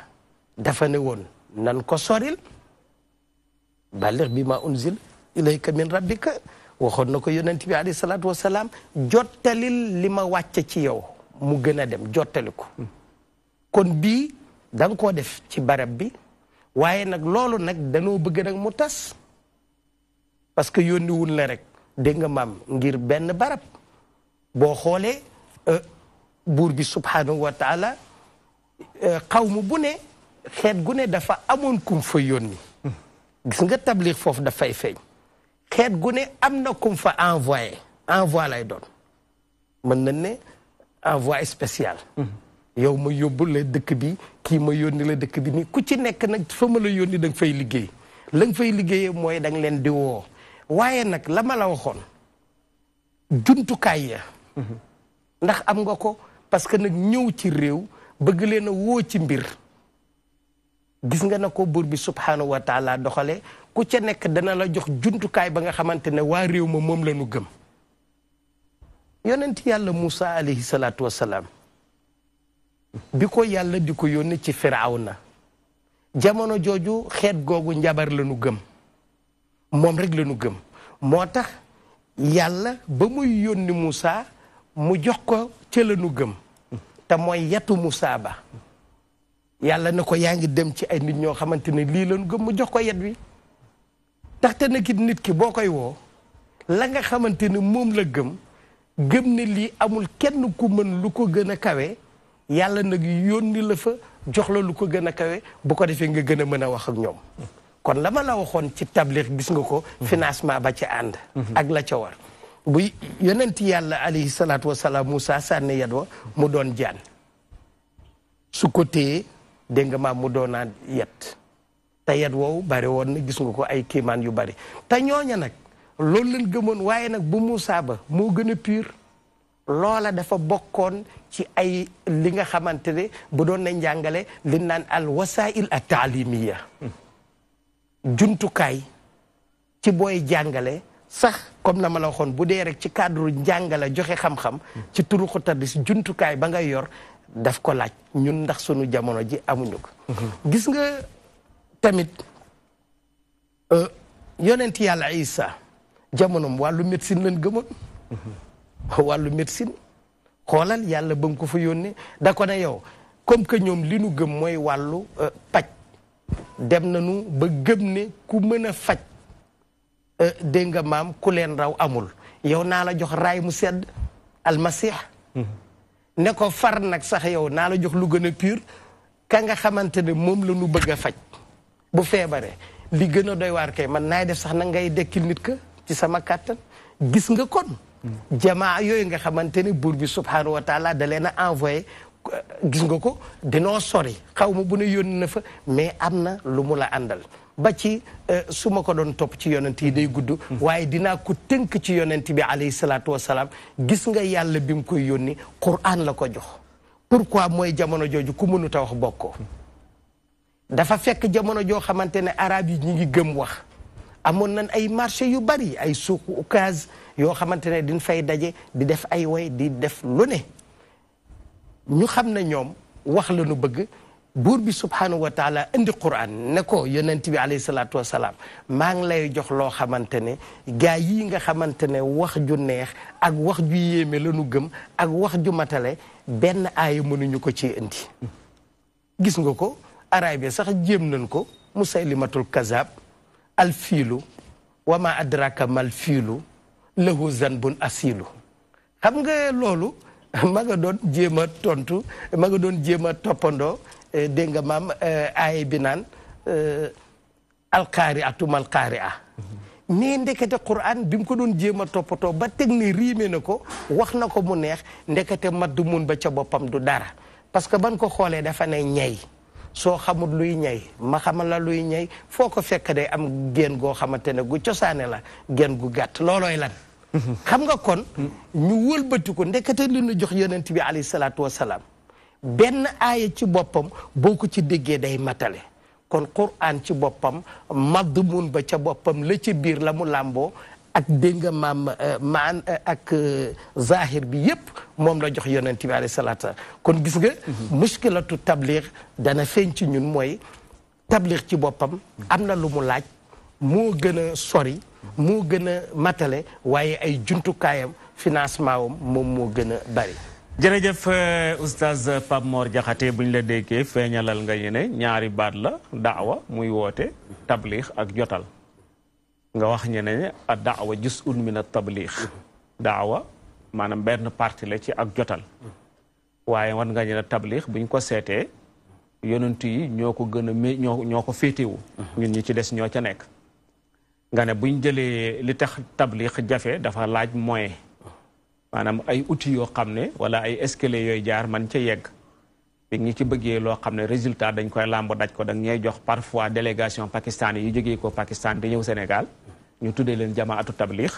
dafa ne woon nan ko soril balix bi ma unzil ilayka min rabbika waxoon na ko yonent bi alayhi salaatu wasalaam jottalil li ma wàcce ci yow mu gën a dem jottali ko hmm. kon bii da koo def ci barab bi waaye nag loolu nag danoo bëgg nag mu tas parce que yónni wun la rek dégg nga maam ngir benn barab boo xoolee euh, buur bi subhanahu wa taala euh, xawmu bu ne xeet gu ne dafa amoon kum fa yónni gis nga tabliix foofu dafay feeñ xeet gu ne am na kum fa envoyé envoi lay doon mën nañ ne envoi spécial yow ma yóbbu la dëkk bi kii ma yónni la dëkk bi nii ku ci nekk nag fa ma la yónni da nga fay liggéey la fay liggéeyee mooy da leen di woo waaye nag la ma la waxoon jumtukaay ya ndax am nga ko parce que nag ñëw ci réew bëgg leen a woo ci mbir gis nga ne ko buur bi subhaanahu wa taala doxale ku ca nekk dana la jox jumtukaay ba nga xamante ne waa réew ma moom la ñu gëm yonent yàlla Moussa alayhi salaatu wa salaam bi ko yàlla di ko yónni ci na jamono jooju xeet googu njabar la nu gëm moom rek la nu gëm moo tax yàlla ba muy yónni Moussa mu jox ko ca la nu gëm te mooy yatu Moussa ba yàlla na ko yaa ngi dem ci ay nit ñoo xamante ni lii la nu gëm mu jox ko yet wi taxte na kit nit ki boo koy woo la nga xamante ni moom la gëm gëm ne lii amul kenn ku mën lu ko gën a kawe yàlla nag yónni la fa jox la lu ko gën a kawe bu ko defee nga gën a mën a wax ak ñoom kon la ma la waxoon ci tablir gis nga ko financement ba ci ànd ak la ca war bu yonent yàlla alayhi salaatu wasalaam Moussa sànni yat wa mu doon jaan su ko téyee dégg nga maam mu doonaan yet te yet woowu bari woon na gis nga ko ay kiimaan yu bari te ñooña nag loolu leen gëmoon waaye nag bu Moussa ba moo gën a pur loola dafa bokkoon ci ay li nga xamante ne bu doon na njàngale li naan al wasail a taalimiya jumtukaay ci booy jàngale sax comme na ma la waxoon bu dee rek ci cadre njàngale joxe xam-xam ci turuqu tadris jumtukaay ba nga yor daf ko laaj ñun ndax sunu jamono ji amuñu ko gis nga tamit euh, yonent yàlla isa jamono wàllu metsin lañ gëmoon wàllu médecine xoolal yàlla ba mu ko fa yónnee da ko ne yow comme que ñoom li nu gëm mooy wàllu euh, paj dem na nu ba gëm ne ku mën a faj euh, dégg nga maam ku leen raw amul yow naa la jox raay mu sedd almasih mm-hmm. ne ko far nag sax yow naa la jox lu gën a pur ka nga xamante ne moom la ñu bëgg a faj bu feebaree li gën a doy waar kay man naay def sax na ngay dekkil nit ka ci sama kàttan gis nga kon jamaa yooyu nga xamante ne buur bi subhaanahu wa taala da leen envoyé euh, gis nga ko dinoo sori xaw ma bu ne yónni na fa mais am na lu mu la àndal ba ci euh, su ma ko doon topp ci yonent yi day gudd waaye dinaa ku tënk ci yonent bi alayhi salaatu wasalaam gis nga yàlla bi mu koy yónni Qur'an la ko jox quoi mooy jamono jooju ku mënut a wax bokkoo dafa fekk jamono joo xamante ne arab yi ñi ngi gëm wax amoon nañ ay marché yu bari ay suuqu ukaz yoo xamante ne diñ fay daje di def ay way di def lu ne ñu xam ne ñoom wax la nu bëgg buur bi subhanahu wa indi quran ne ko yonent bi alayhi salaatu wasalaam maa ngi lay jox loo xamante ne gaa yii nga xamante ne wax ju neex ak wax ju yéeme la nu gëm ak wax ju matale benn aaya mënuñu ko ci indi gis nga ko arabe sax jéem nañ ko musaylimatul kazab alfiilu wa ma adraka mal fiilu lahu bun asilu xam nga loolu ma doon jéem a tontu ma nga doon jéem a toppandoo eh, dégg nga maam eh, aaye bi naan alqaari eh, atum alqaari a mais ndekete Qur'an bi mu ko doon jéem a toppatoo ba teg ni riime na ko wax na ko mu neex ndekete madd mun ba ca boppam du dara parce que ban ko xoolee dafa ne ñay soo xamut luy ñay ma xamal la luy ñay foo ko fekk day am génn goo xamante ne gu cosaane la génn gu gàtt loolooy lan xam nga kon ñu wëlbati ko ndekete li ñu jox yonent bi alayhi salaatu wasalaam benn aaya ci boppam boo ko ci déggee day mattale kon quran ci boppam mun ba ca boppam la ca biir la mu làmboo ak dégg nga maam euh, maan euh, ak euh, zahir bi yépp moom la jox yonent bi alayhi salaatu kon gis nga mhm. muskilatu tabliir dana feeñ ci ñun mooy tabliir ci boppam am na lu mu laaj moo gën a sori moo gën a matale waaye ay jumtukaayam financement wam moom moo gën a bari. jërëjëf euh, oustaz Pape Mor Diakhaté bu la déggee feeñalal nga ñu ñaari baat la daawa muy woote tablik ak jotal nga wax ñu ne a daawa juz'un min at tabliix daawa maanaam benn parti la ci ak jotal waaye wan nga ñu ne tabliix buñ ko seetee yonent ñoo ko gën a ñoo ñoo ko féetewu mm-hmm. ñun ci des ñoo ca nekk nga ne buñ jëlee li tax tablix jafe dafa laaj mooy maanaam ay outils yoo xam ne wala ay escalier yooy jaar man ca yegg bi ñi ci bëggee loo xam ne résultat dañ koy làmb daj ko dañ ñuy jox parfois délégation pakistan yi jógee ko Pakistan di ñëw Sénégal ñu tuddee leen jamaatu tablix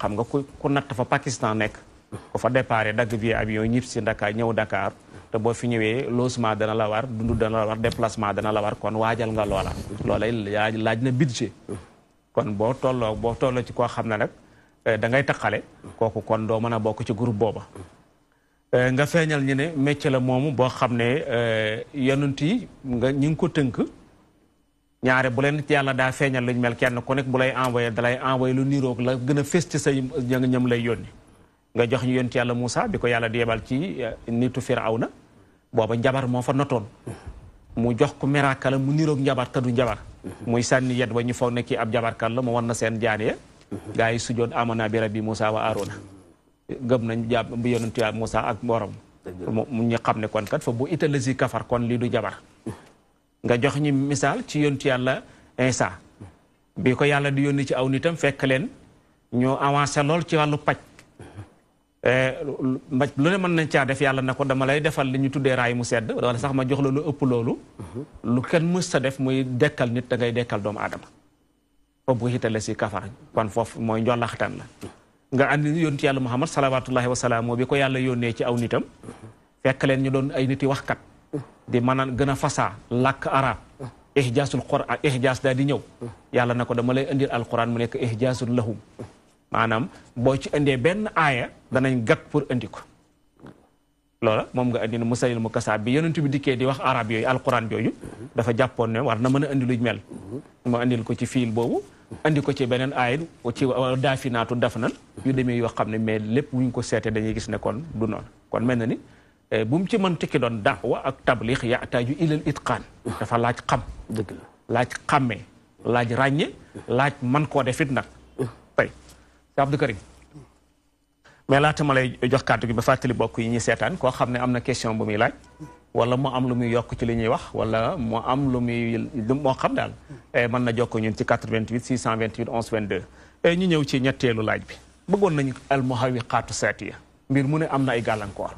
xam nga ku ku natt fa Pakistan nekk ko fa déparé dagg bi avion ñib si Dakar ñëw Dakar te boo fi ñëwee logement dana la war dund dana la déplacement dana la war kon waajal nga kon boo tolloo boo tolloo ci ko xam ne nag eh, dangay ngay kooku kon doo mën a bokk ci groupe booba eh, nga feeñal ñu ne métier la moomu boo xam ne eh, yonent yi nga ñu ngi ko tënk ñaare bu leen yàlla daa feeñal luñ mel kenn ku nekk bu lay envoyé dalay envoyé lu niroog la gën a fés ci sa ñam lay yónni nga jox ñu yonent yàlla Moussa bi ko yàlla di yebal ci nitu Firawna booba njabar moo fa notoon mu jox ko meraaka la mu niroog njabarka du njabar muy sànni yet wa ñu foog nekki ab jabarkat la mu war na seen jaan ya gaa yi sujjoon amana bi rabbi Moussa wa Aaruna gëm nañ jàpp bi yonentu Yàlla Moussa ak borom mu xam ne kon bu italasi kafar lii du jabar nga jox ñi misaal ci yonentu Yàlla Insa bi ko yàlla di yónni ci aw nitam fekk leen ñoo avancé lool ci wàllu paj ma eh, lu ne mën nañ caa def yàlla na ko dama lay defal li ñu tuddee raay mu sedd wala sax ma jox la lu ëpp loolu mhm. lu kenn mës sa def muy dekkal nit da ngay dekkal doomu aadama foofu xitale si kafar kon foofu mooy njolaxtan la nga àndi yónni yàlla muhammad salawaatullahi wa salaamu bi ko yàlla yónnee ci aw nitam fekk leen ñu doon ay nit wax kat di mën a gën a fasaa làkk arab ihjaasul quran ihjaas daal di ñëw yàlla na ko dama lay indil alquran mu nekk ihjaasul lahum maanaam boo ci indee benn aaya danañ gàtt pour indi ko loola moom nga indi ne musalil mu kasaab bi yonent bi dikkee di wax arab yooyu alquran yooyu dafa jàppoon ne war na mën a indi luñ mel moo andil ko ci fiil boobu andi ko ci beneen aayit ci daafi naatu dafnan yu demee yoo xam ne mais lépp wuñ ko seetee dañuy gis ne kon du noon kon mel na ni eh, bu ci man tikki doon wa ak tablix yaataaju it xaan dafa laaj xam dëgg laaj xàmmee laaj ràññe laaj man koo defit nag uh. tey mais laata ma lay jox kàddu gi ba fàttali bokk yi ñuy seetaan koo xam ne am na question bu muy laaj wala mu am lu muy yokk ci li ñuy wax wala mu am lu muy moo xam daal eh, man na jokkoo ñun ci 88 628 11 22 ñu ñëw ci ñetteelu laaj bi bëggoon nañu almuhawiqaatu saatiya mbir mu ne am na ay gàllankoor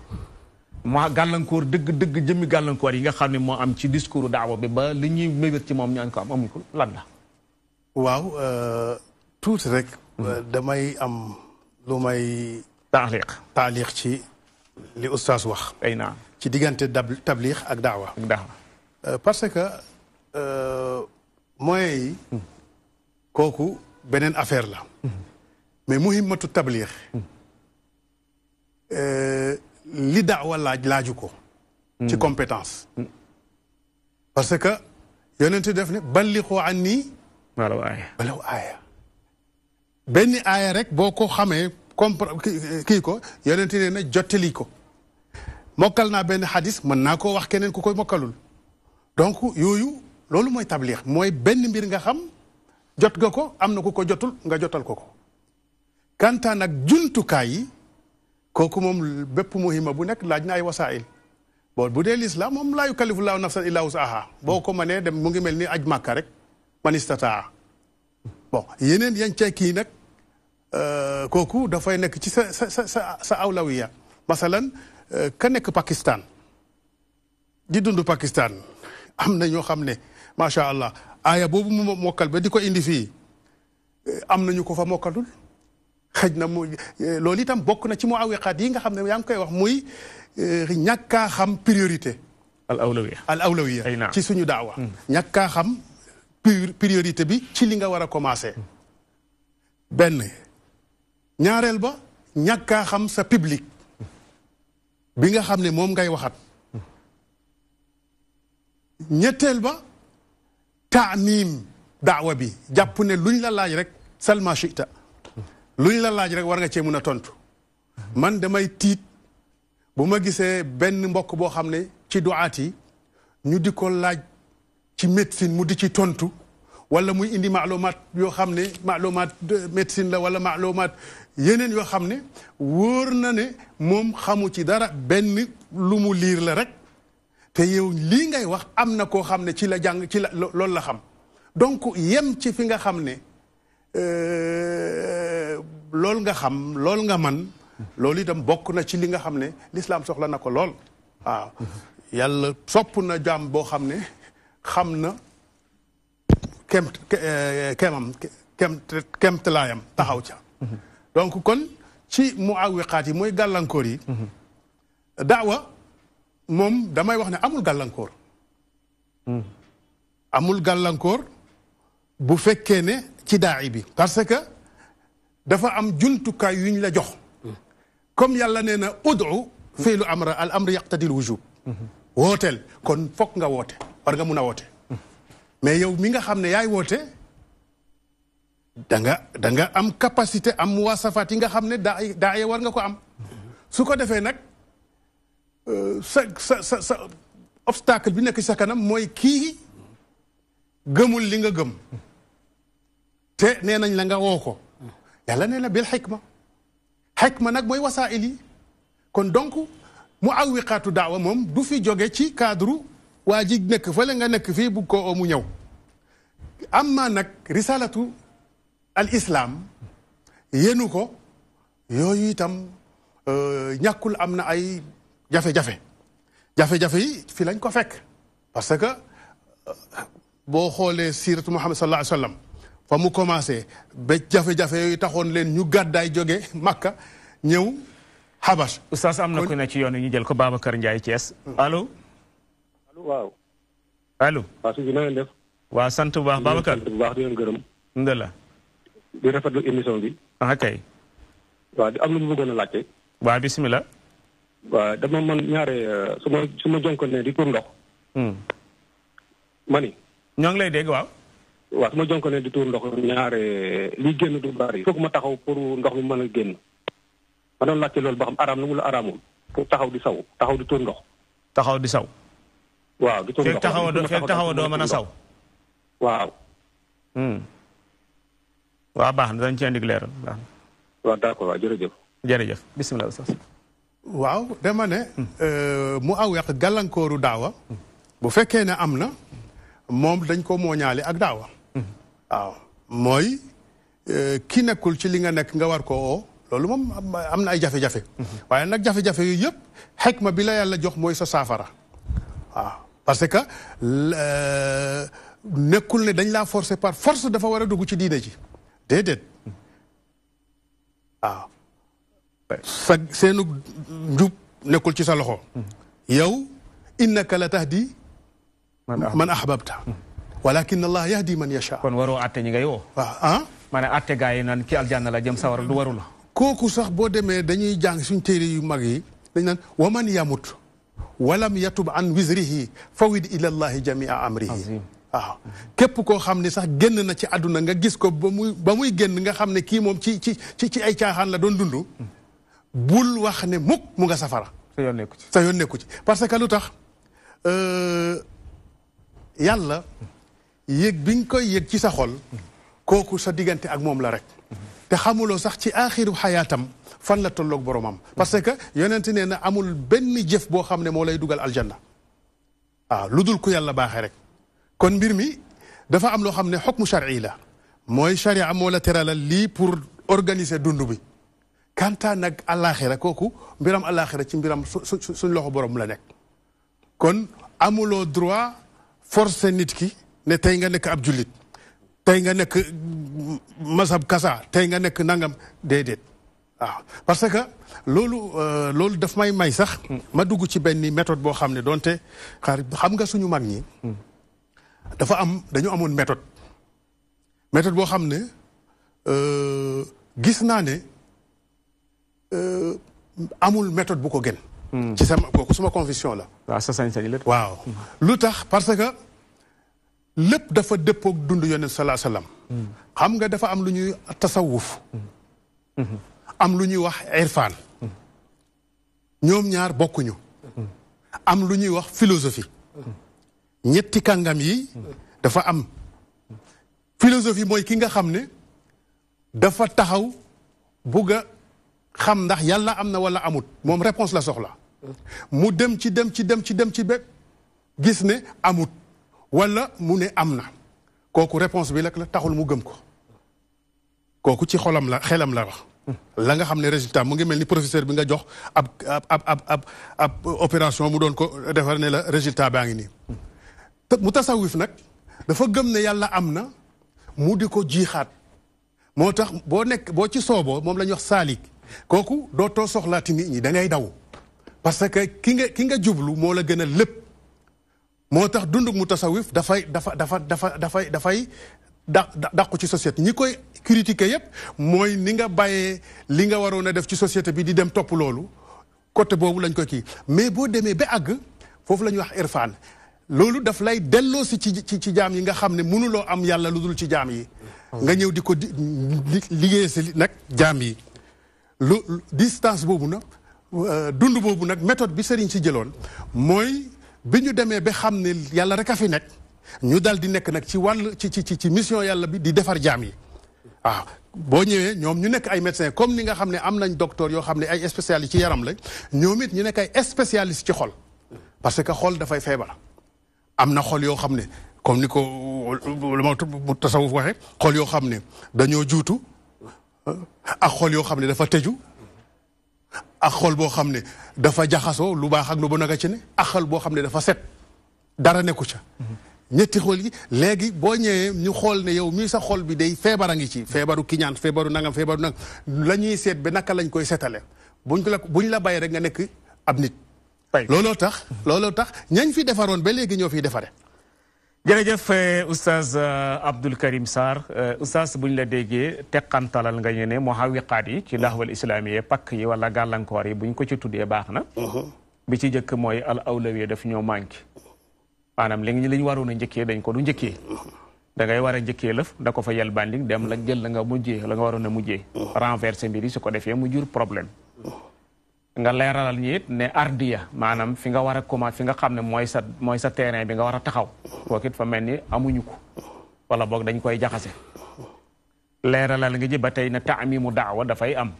ma gàllankoor dëgg dëgg jëmmi gàllankoor yi nga xam ne moo am ci discours daawa bi ba li ñuy mébét ci moom ñu ko am amuñ ko lan la waaw euh, tuuti rek hmm. euh, damay am lu may تعليق تعليق شي لاستاذ واخ اي نعم تي ديغانتي تبليغ اك دعوه دعوه أه، باسكو أه، موي كوكو بنين افير لا مي مهمه التبليغ ا أه، لي دعوه لاج لاجوكو تي كومبيتانس باسكو يونتي دفني بلغوا عني ولو ايه ولو ايه بني ايه رك بوكو خامي compre kii ko yonente nee na jottali ko mokkal naa benn xadis mën naa koo wax keneen ku koy mokkalul donc yooyu loolu mooy tabliix mooy benn mbir nga xam jot ga ko am na ku ko jotul nga jotal ko ko kantaan ak jumtukaay yi kooku moom bépp ma bu nekk laaj na ay wasaa'il bon bu dee lislaam moom laa yukallifu llaahu nafsan illaa wus'ahaa boo ko mënee dem mu ngi mel ni aj màkka rek man istataa yeneen yañ cee kii nag Euh, kooku dafay nekk ci sa sa sa sa awlawiya masalan euh, ka nekk Pakistan di dund Pakistan am na ñoo xam ne macha allah aaya boobu mu mokkal ba di ko indi fii euh, am nañu ko fa mokkalul xëj na mu loolu itam bokk na ci mu awiqaat yi nga xam ne yaa ngi koy wax muy ñàkkaa xam priorité. al awlawiya al awlawiya ci suñu daawa. Hmm. ñàkkaa xam priorité bi ci li nga war a commencé hmm. benn. ñaareel ba ñàkkaa xam sa public bi nga xam ne moom ngay waxat ñetteel ba taamim daawa bi jàpp ne luñ la laaj rek salma chita luñ la laaj rek war nga cee mën a tontu man damay tiit bu ma gisee benn mbokk boo xam ne ci duaat yi ñu di ko laaj ci médecine mu di ci tontu wala muy indi maalumaat yoo xam ne malomat euh, médecine la wala maalumaat yeneen yoo xam ne wóor na ne moom xamu ci dara benn lu mu liir la rek te yow lii ngay wax am na koo xam ne ci la jàng ci la la xam donc yem ci fi nga xam ne euh, lool nga xam loolu nga man loolu itam bokk na ci li nga xam ne lislaam soxla na ko lool waaw yàlla sopp na jaam boo xam ne xam na kem euh, kemam kem taxaw ca mm-hmm. donc kon ci mu awwiqaat yi mooy gàllankoor yi mhm. daawa moom damay wax ne amul gàllankoor mhm. amul gàllankoor bu fekkee ne ci daay bi parce que dafa am jumtukaay yuñ la jox mhm. comme yàlla nee na udu fii lu amra al amr yaqtadil wujub wootel kon fokk nga woote war nga mun a woote mais yow mi nga xam ne yaay woote da danga da nga am capacité am muwaasafaat yi nga xam ne daa daa war nga ko am su ko defee nag euh, sa sa obstacle bi nekk sa kanam mooy kii gëmul li nga gëm te nee nañ la nga woo ko yàlla nee na bil xikma xikma nag mooy wasaa'il yi kon donc mu awwiqaatu daawa moom du fi jóge ci cadre waa ji nekk fële nga nekk fii bugg ko oo mu ñëw am ma nag risalatu al islam yéenu ko yooyu itam euh, ñàkkul am na ay jafe-jafe jafe-jafe yi fi lañ ko fekk parce que euh, boo xoolee siiratu Muhammad sallallahu alayhi wa sallam fa mu commencé ba jafe-jafe yooyu taxoon leen ñu gàddaay jóge Makka ñëw Habash. oustaz am na ku ne ci yoon ñu jël ko Babacar njaay cees allo. waaw. allo. waaw sëñ bi na ngeen sant bu baax Babacar. sant bu baax di leen gërëm. di rafetlu émission bi. ah kay. waaw di am na mu bëggoon a laajte. waa bisimilah. waaw dama man ñaare euh, su ma su ma ne di tuur ndox. Hmm. ma ni. ñoo ngi lay dégg waaw. waaw su ma jonkoon ne di tuur ndox ñaare li génn du bari foog ma taxaw pour ndox mi mën a génn. ma doon laajte loolu ba xam araam na mu la araamul pour taxaw di saw taxaw di tuur ndox. taxaw di saw. waaw di tuur ndox feeg taxaw doo mën a saw. waaw. Hmm. waaw baax na dañ ci indi leeral waaw d'accord jërëjëf. jërëjëf bisimilah. waaw dama ne. Hmm. Euh, mu aw yàq gàllankooru daawa. bu fekkee ne am na. moom dañ ko mooñaale ak daawa. Hmm. waaw mooy euh, ki nekkul ci li nga nekk nga war ko oo loolu moom am na ay jafe-jafe. Hmm. waaye nag jafe-jafe yooyu yëpp xekma bi la yàlla jox mooy sa saafara. waaw parce que euh, nekkul ne dañ laa force par force dafa war a dugg ci diine ci déedéet waaw ah. eh, sa njub nekkul ci sa loxo yow innaka la tahdi man ahbabta walakin allah yahdi man yasha kon waroo atte ñi ngay woo waaw ah, ah? maanaam atte gaa yi naan ki aljanna la jëm sawar du waru la kooku sax boo demee dañuy jàng suñ téere yu mag yi dañ naan waman yamut walam yatub an wisrihi fawid ila allahi jamia amrihi waaw ah. képp koo xam ne sax génn na ci àdduna nga gis ko ba muy ba muy génn nga xam ne kii moom ci ci ci ci ay caaxaan la doon dund bul wax ne mukk mu nga safara sa yoon nekku ci sa yoon ci parce que lu tax euh, yàlla yëg bi nga koy yëg ci sa xol kooku sa diggante ak moom la rek te xamuloo sax ci aaxiru xayaatam fan la tolloog boromam parce que yonent nee na amul benn jëf boo xam ne moo lay dugal aljanna waaw ah, lu dul ku yàlla baaxee rek kon mbir mi dafa am loo xam ne xukmu shar'i la mooy sharia amoo la teralal lii pour organiser dund bi kanta nag àllaaxira kooku mbiram àllaaxira ci mbiram su suñ loxo borom la nekk kon amuloo droit forcer nit ki ne tey nga nekk ab jullit tey nga nekk masab kasa tey nga nekk nangam déedéet waaw parce que loolu euh, loolu daf may may sax hmm. ma dugg ci benn méthode boo xam ne donte xaar xam nga suñu mag ñi hmm. dafa am dañu amoon méthode méthode boo xam ne euh, gis naa ne euh, amul méthode bu ko gën. Hmm. ci sama kooku suma conviction la. waaw sa sañ waaw hmm. lu tax parce que lépp dafa dëppoog dund yonent salaa salaam. Hmm. xam nga dafa am lu ñuy tasawuf. am lu ñuy wax irfaan. ñoom ñaar bokkuñu. am lu ñuy wax philosophie. ñetti kàngam yi dafa am philosophie mooy ki nga xam dafa taxaw bugg xam ndax am wala amut moom réponse la soxla mu dem ci dem ci dem ci dem ci gis amut wala mu amna am na réponse bi la taxul mu ko kooku ci xolam la xelam la la mu ngi professeur bi nga jox ab ab ab ab ab mu mu tasawif nag dafa gëm ne yàlla am na mu di ko jiixaat moo tax boo nekk boo ci sooboo moom la ñuy wax saalik kooku doo dootoo soxlaati nit ñi dangay daw parce que ki nga ki nga jublu moo la gën a lépp moo tax dund mu tasawif dafay dafa dafa dafa dafay dafay da dàqu ci société ñi koy critiquer yépp mooy ni nga bàyyee li nga waroon a def ci société bi di dem topp loolu côté boobu lañ ko kii mais boo demee ba àgg foofu la ñuy wax irfaan loolu daf lay delloo si ci ci ci jaam yi nga xam ne mënuloo am yàlla lu dul ci jaam yi nga ñëw di ko di liggéey si nag jaam yi lu distance boobu nag euh, dund boobu nag méthode bi sëriñ si jëloon mooy bi ñu demee ba xam ne yàlla rek a fi nekk ñu dal di nekk nag ci wàll ci ci ci mission yàlla bi di defar jaam yi waaw boo ñëwee ñoom ñu nekk ay médecins comme ni nga xam ne am nañ docteur yoo xam ne ay spécialistes ci yaram lañ ñoom it ñu nekk ay spécialistes ci xol parce que xol dafay feebar am na xol yoo xam ne comme ni ko lu ma bu tasawuf waxe xol yoo xam ne dañoo juutu ak xol yoo xam ne dafa teju ak xol boo xam ne dafa jaxasoo lu baax ak lu bon a ci ne ak xol boo xam ne dafa set dara nekku ca ñetti xol yi léegi boo ñëwee ñu xool ne yow mii sa xol bi day feebar a ngi ci feebaru kiñaan feebaru nanga feebaru nangam la ñuy seet be naka lañ koy seetale buñ la buñ la bàyyi rek nga nekk ab nit looloo tax looloo tax ñañ fi defaroon ba léegi ñoo fiy defare jërëjëf eh, oustaz eh, Abdou Karim Sarr eh, oustaz bu ñu la déggee teqantalal nga ñu ne muhawiqaat yi ci laxwal islaamiye pakk yi wala gàllankoor yi bu ñu ko ci tuddee baax na uh-huh. bi ci njëkk mooy al awlawiya daf ñoo manqué maanaam léegi ñu li ñu waroon a njëkkee dañ ko du njëkkee uh-huh. da ngay war a njëkkee lëf da ko fa yel bandik dem la jël la nga mujjee la nga waroon a mujjee uh-huh. renverser mbir yi su ko defee mu jur problème nga leralal ñi ne ardiya manam fi nga wara koma fi nga ne sa moy sa terrain bi nga wara taxaw kooku it fa melni amuñu ko wala bok dañ koy jaxase leralal nga ji batay na ne da'wa da fay am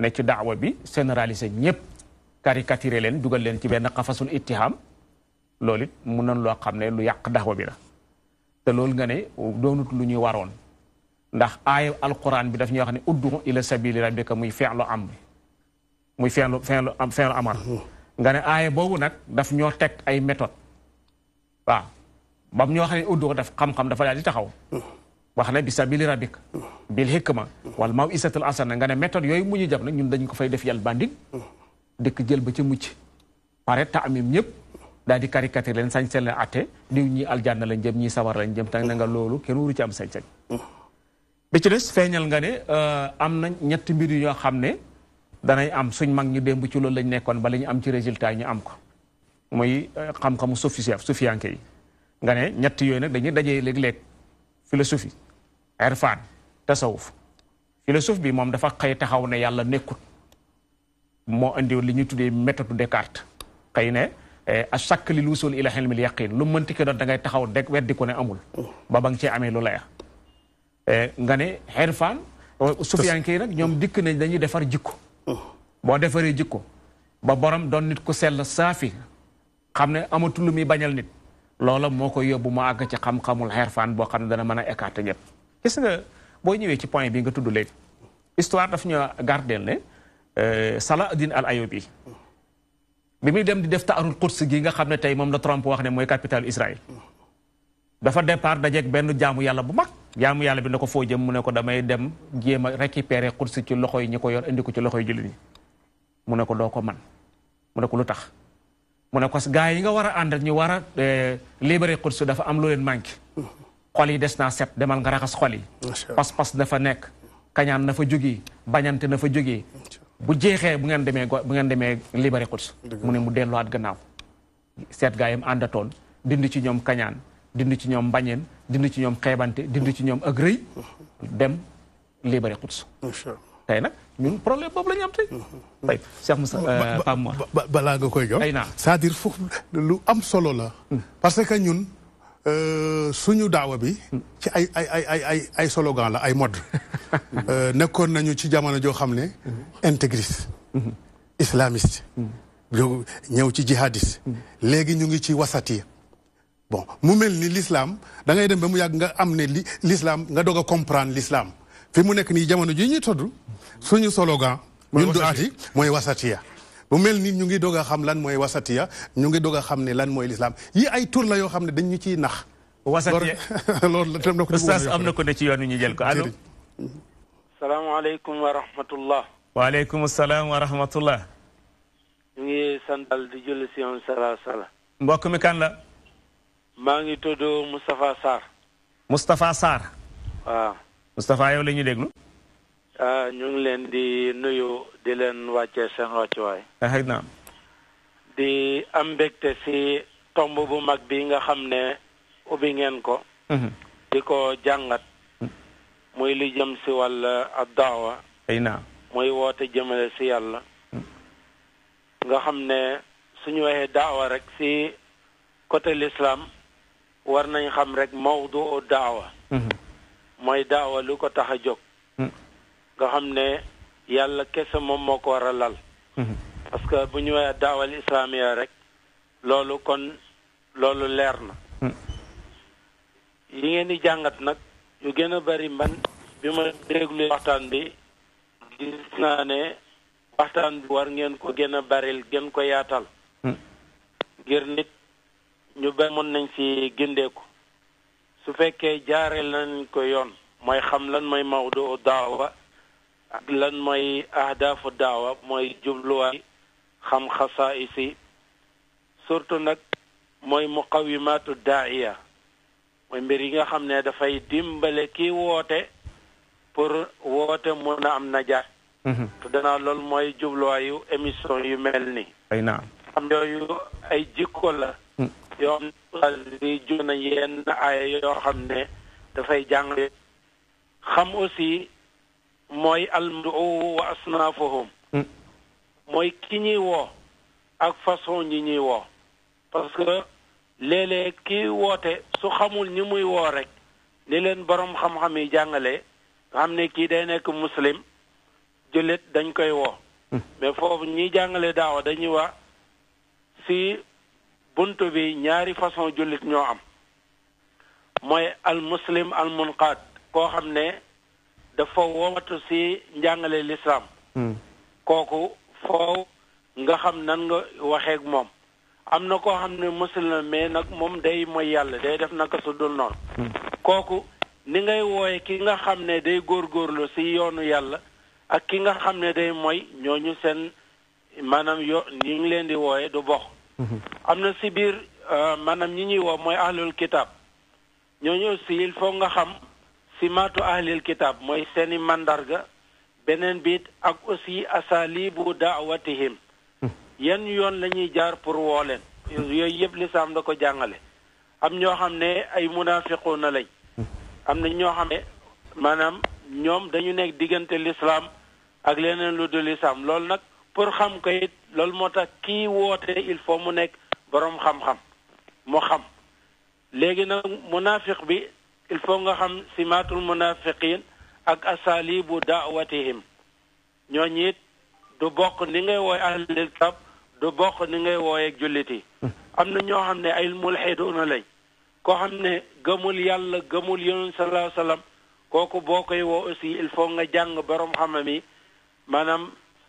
ne ci da'wa bi généraliser ñëpp caricaturer len dugal len ci ben qafasul ittiham lolit mu nan lo loo ne lu yaq da'wa bi la te lol nga ne doonut lu ñuy waron ndax aaya alquran bi daf ñu wax ne uddu ila sabili rabbika muy fi'lu amri muy feelu feelu am feelu mhm. nga ne aaye boobu nag daf ñoo teg ay méthode waaw bam ñoo xam ne uddu ko daf xam-xam dafa daal di taxaw mhm. wax ne bisa bili rabik mhm. bil hikma wala maw isatul asana nga ne méthode yooyu mu ñu jàpp nag ñun dañ ko fay def yàl bandin dëkk jël ba ci mucc pare ta amim ñëpp daal di caricature leen sañ seen leen atte diw ñii aljanna lañ jëm ñii sawar lañ jëm tang na nga loolu kenn wuru ci am sañ-sañ bi feeñal nga ne euh, am na ñetti mbir yu ñoo xam ne danañ am suñ mag ñu démb ci loolu lañ nekkoon bala la ñu am ci résultat ñu am ko muy euh, xam-xamu sufi sufiyanke yi nga ne ñetti yooyu nag dañuy dajee léeg-léeg philosophie irfan tasawuf philosophe bi moom dafa xëy taxaw ne yàlla nekkut moo indi li ñu tuddee méthode Descartes xëy ne à euh, chaque li luusul ila xelmil yaqin lu mënti ko doon da ngay taxaw deg weddi ko ne amul ba ba nga cee amee lu laya euh, nga ne irfan sufiyanke yi nag ñoom dikk nañ dañuy defar jikko bo defaree jikko ba borom don nit ku sel safi xamne amatul lu bañal nit lola moko yobbu ma ag ci xam-xamul herfan bo xamne dana mën a écarter gis nga bo ñewé ci point bi nga tuddu léegi histoire daf ñu ne euh, Saladin al Ayubi bi mi dem di def arul Quds gi nga xamne tay mom la Trump wax ne moy capital Israël dafa départ dajeeg ben jaamu yalla bu mak yam yalla bi nako fo jëm mu ne ko damay dem jéem récupérer xursi ci loxoy yi ñi ko yor andi ko ci loxoy jël ni mu ne ko doo ko man mu ne ko lutax mu ne ko gaay yi nga wara a ñu wara a eh, libéré dafa am lu leen manki xol yi des set demal nga raxas xol yi pas-pas dafa nek kañaan na fa bañante na fa bu jexé bu ngeen démé bu ngeen démé libérer xursi mu ne mu gannaaw dindi ci ñom kañaan dindi ci ñoom mbañeen dindi ci ñoom xeebante dindu ci ñoom ak dem libéré Quds tey nag ñun problème boobu la ñu am tey. Mm-hmm. tey Cheikh euh, koy jox. naa c'est-à-dire foofu lu am solo la. Mm. parce que ñun euh, suñu daawa bi. Mm. ci ay ay ay ay ay ay la ay mode. Euh, nekkoon nañu ci jamono joo xam ne. Mm-hmm. intégriste. Mm-hmm. islamiste. ñëw ci jihadiste. léegi ñu ngi ci wasati bon mu mel ni l'islam da ngay dem ba mu yàgg nga am ne li l'islam nga doog a comprendre l'islam fi mu nekk nii jamono ji ñu todd suñu slogan ñun du aati mooy wasatiya mu mel ni ñu ngi doog a xam lan mooy wasatiya ñu ngi doog a xam ne lan mooy l'islam yi ay tur yoo xam ne dañu ñu ciy nax wasatiya loolu tam na ko oustaz am na ko ne ci yoon wi ñu jël ko allo salaamaaleykum wa rahmatullah waaleykum salaam wa rahmatullah ñu ngi santal di julli yoon sala sala mbokk mi kan la maa ngi tudd Moustapha Sarr. Moustapha Sarr. waaw. Moustapha yow la ñu ah, ñu ngi leen di nuyu di leen wàcce seen wàccuwaay. xëy na. di am mbégte si tomb bu mag bi nga xam ne ubbi ngeen ko. Mhm. di ko jàngat. Mhm. muy li jëm si wàll ab daawa. xëy na. muy woote jëmale si yàlla. Mhm. nga xam ne suñu waxee daawa rek si côté lislaam war nañ xam rek mawdu daawa mhm. mooy daawa lu ko tax a jóg mhm. nga xam ne yàlla kese moom moo ko war a lal mhm. parce que bu ñu waxee daawal islaamiya rek loolu kon loolu leer na yi ngeen di jàngat nag yu gën a bari man bi ma déglu waxtaan bi gis naa ne waxtaan bi war ngeen ko gën a baril gën ko yaatal ngir nit ñu ba mën nañ ci gindeeku su fekkee jaare lañ ko yoon mooy xam lan mooy mawdu daawa ak lan mooy ahdaafu daawa mooy jubluwaay xam xasaisi surtout nag mooy muqawimaatu daaiya mooy mbir yi nga xam ne dafay dimbale ki woote pour woote mun a am najaat mhm. te danaa loolu mooy jubluwaayu émission yu mel ni ay naam xam yooyu ay jikko la yoon li jur na yenn ay yoo xam ne dafay jàngale xam aussi mooy almadu wa asnaafuhum hmm. mooy ki ñuy woo ak façon ñi ñuy woo parce que léeg-léeg kii woote su xamul ñi muy woo rek ni leen boroom xam-xam yi jàngale nga xam ne kii day nekk muslim jullit dañ koy woo hmm. mais foofu ñi jàngale daawa dañuy wax si buntu bi ñaari façon jullit ñoo am mooy al muslim al munqaad koo xam ne dafa woomatu si njàngale lislaam hmm. kooku foow nga xam nan nga waxeeg moom am na koo xam ne muslim mais nag moom day mooy yàlla day def naka su dul noonu hmm. kooku ni ngay wooye ki nga xam ne day góor góorgóorlu si yoonu yàlla ak ki nga xam ne day mooy ñooñu seen maanaam yo ñi leen di wooye du bokk am na si biir euh, maanaam ñi ñuy woo mooy ahlul kitab ñooñu aussi il faut nga xam maatu ahlil kitab mooy seeni màndarga beneen biit ak aussi asalibu daawatihim yan yoon la ñuy jaar pour woo leen yooyu yëpp lislaam da ko jàngale am ñoo xam ne ay munafiquuna lañ am na ñoo xam ne maanaam ñoom dañu nekk diggante lislaam ak leneen lu dul lislaam loolu nag pour xam ko lol motax ki wote il faut mu nek borom xam-xam mo xam léegi nak munafiq bi il faut nga xam simatul munafiqin ak asalibu da'watihim ñoo ñit du bok ni ngay woy ahlil kitab du bok ni ngay woy ak juliti amna na ñoo xam ay mulhidun lay ko xamne gëmul yàlla gëmul yunus sallallahu alayhi wasallam koku bokay wo aussi il faut nga jàng borom xamam yi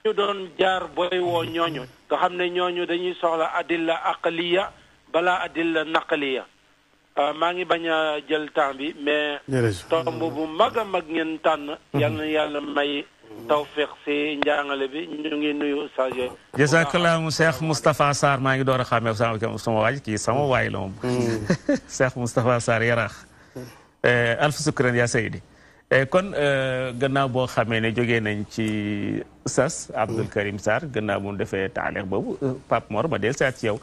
ñu doon jaar booy woo ñooñu nga xam ne ñooñu dañuy soxla adilla aqliya balaa adilla naqliya euh, maa ngi bañ a jël temps bi mais tomb bu mag a mag ngeen tànn mhm. yal yàlla may tawfiq si njàngale bi ñu ngi nuyu Oustaz yo jazakallahu Cheikh Moustapha Sarr maa ngi door a xàmmee sama waaj kii sama waay la moom mhm. Cheikh Moustapha Sarr yaraax mhm. euh, alf sukran yaa sayidi Eh, kon eh, gannaaw boo xamee ne jógee nañ ci sas Abdul Karim Sarr gannaaw bu mu defee taaliq boobu eh, Pape Mor ma del saat ci yow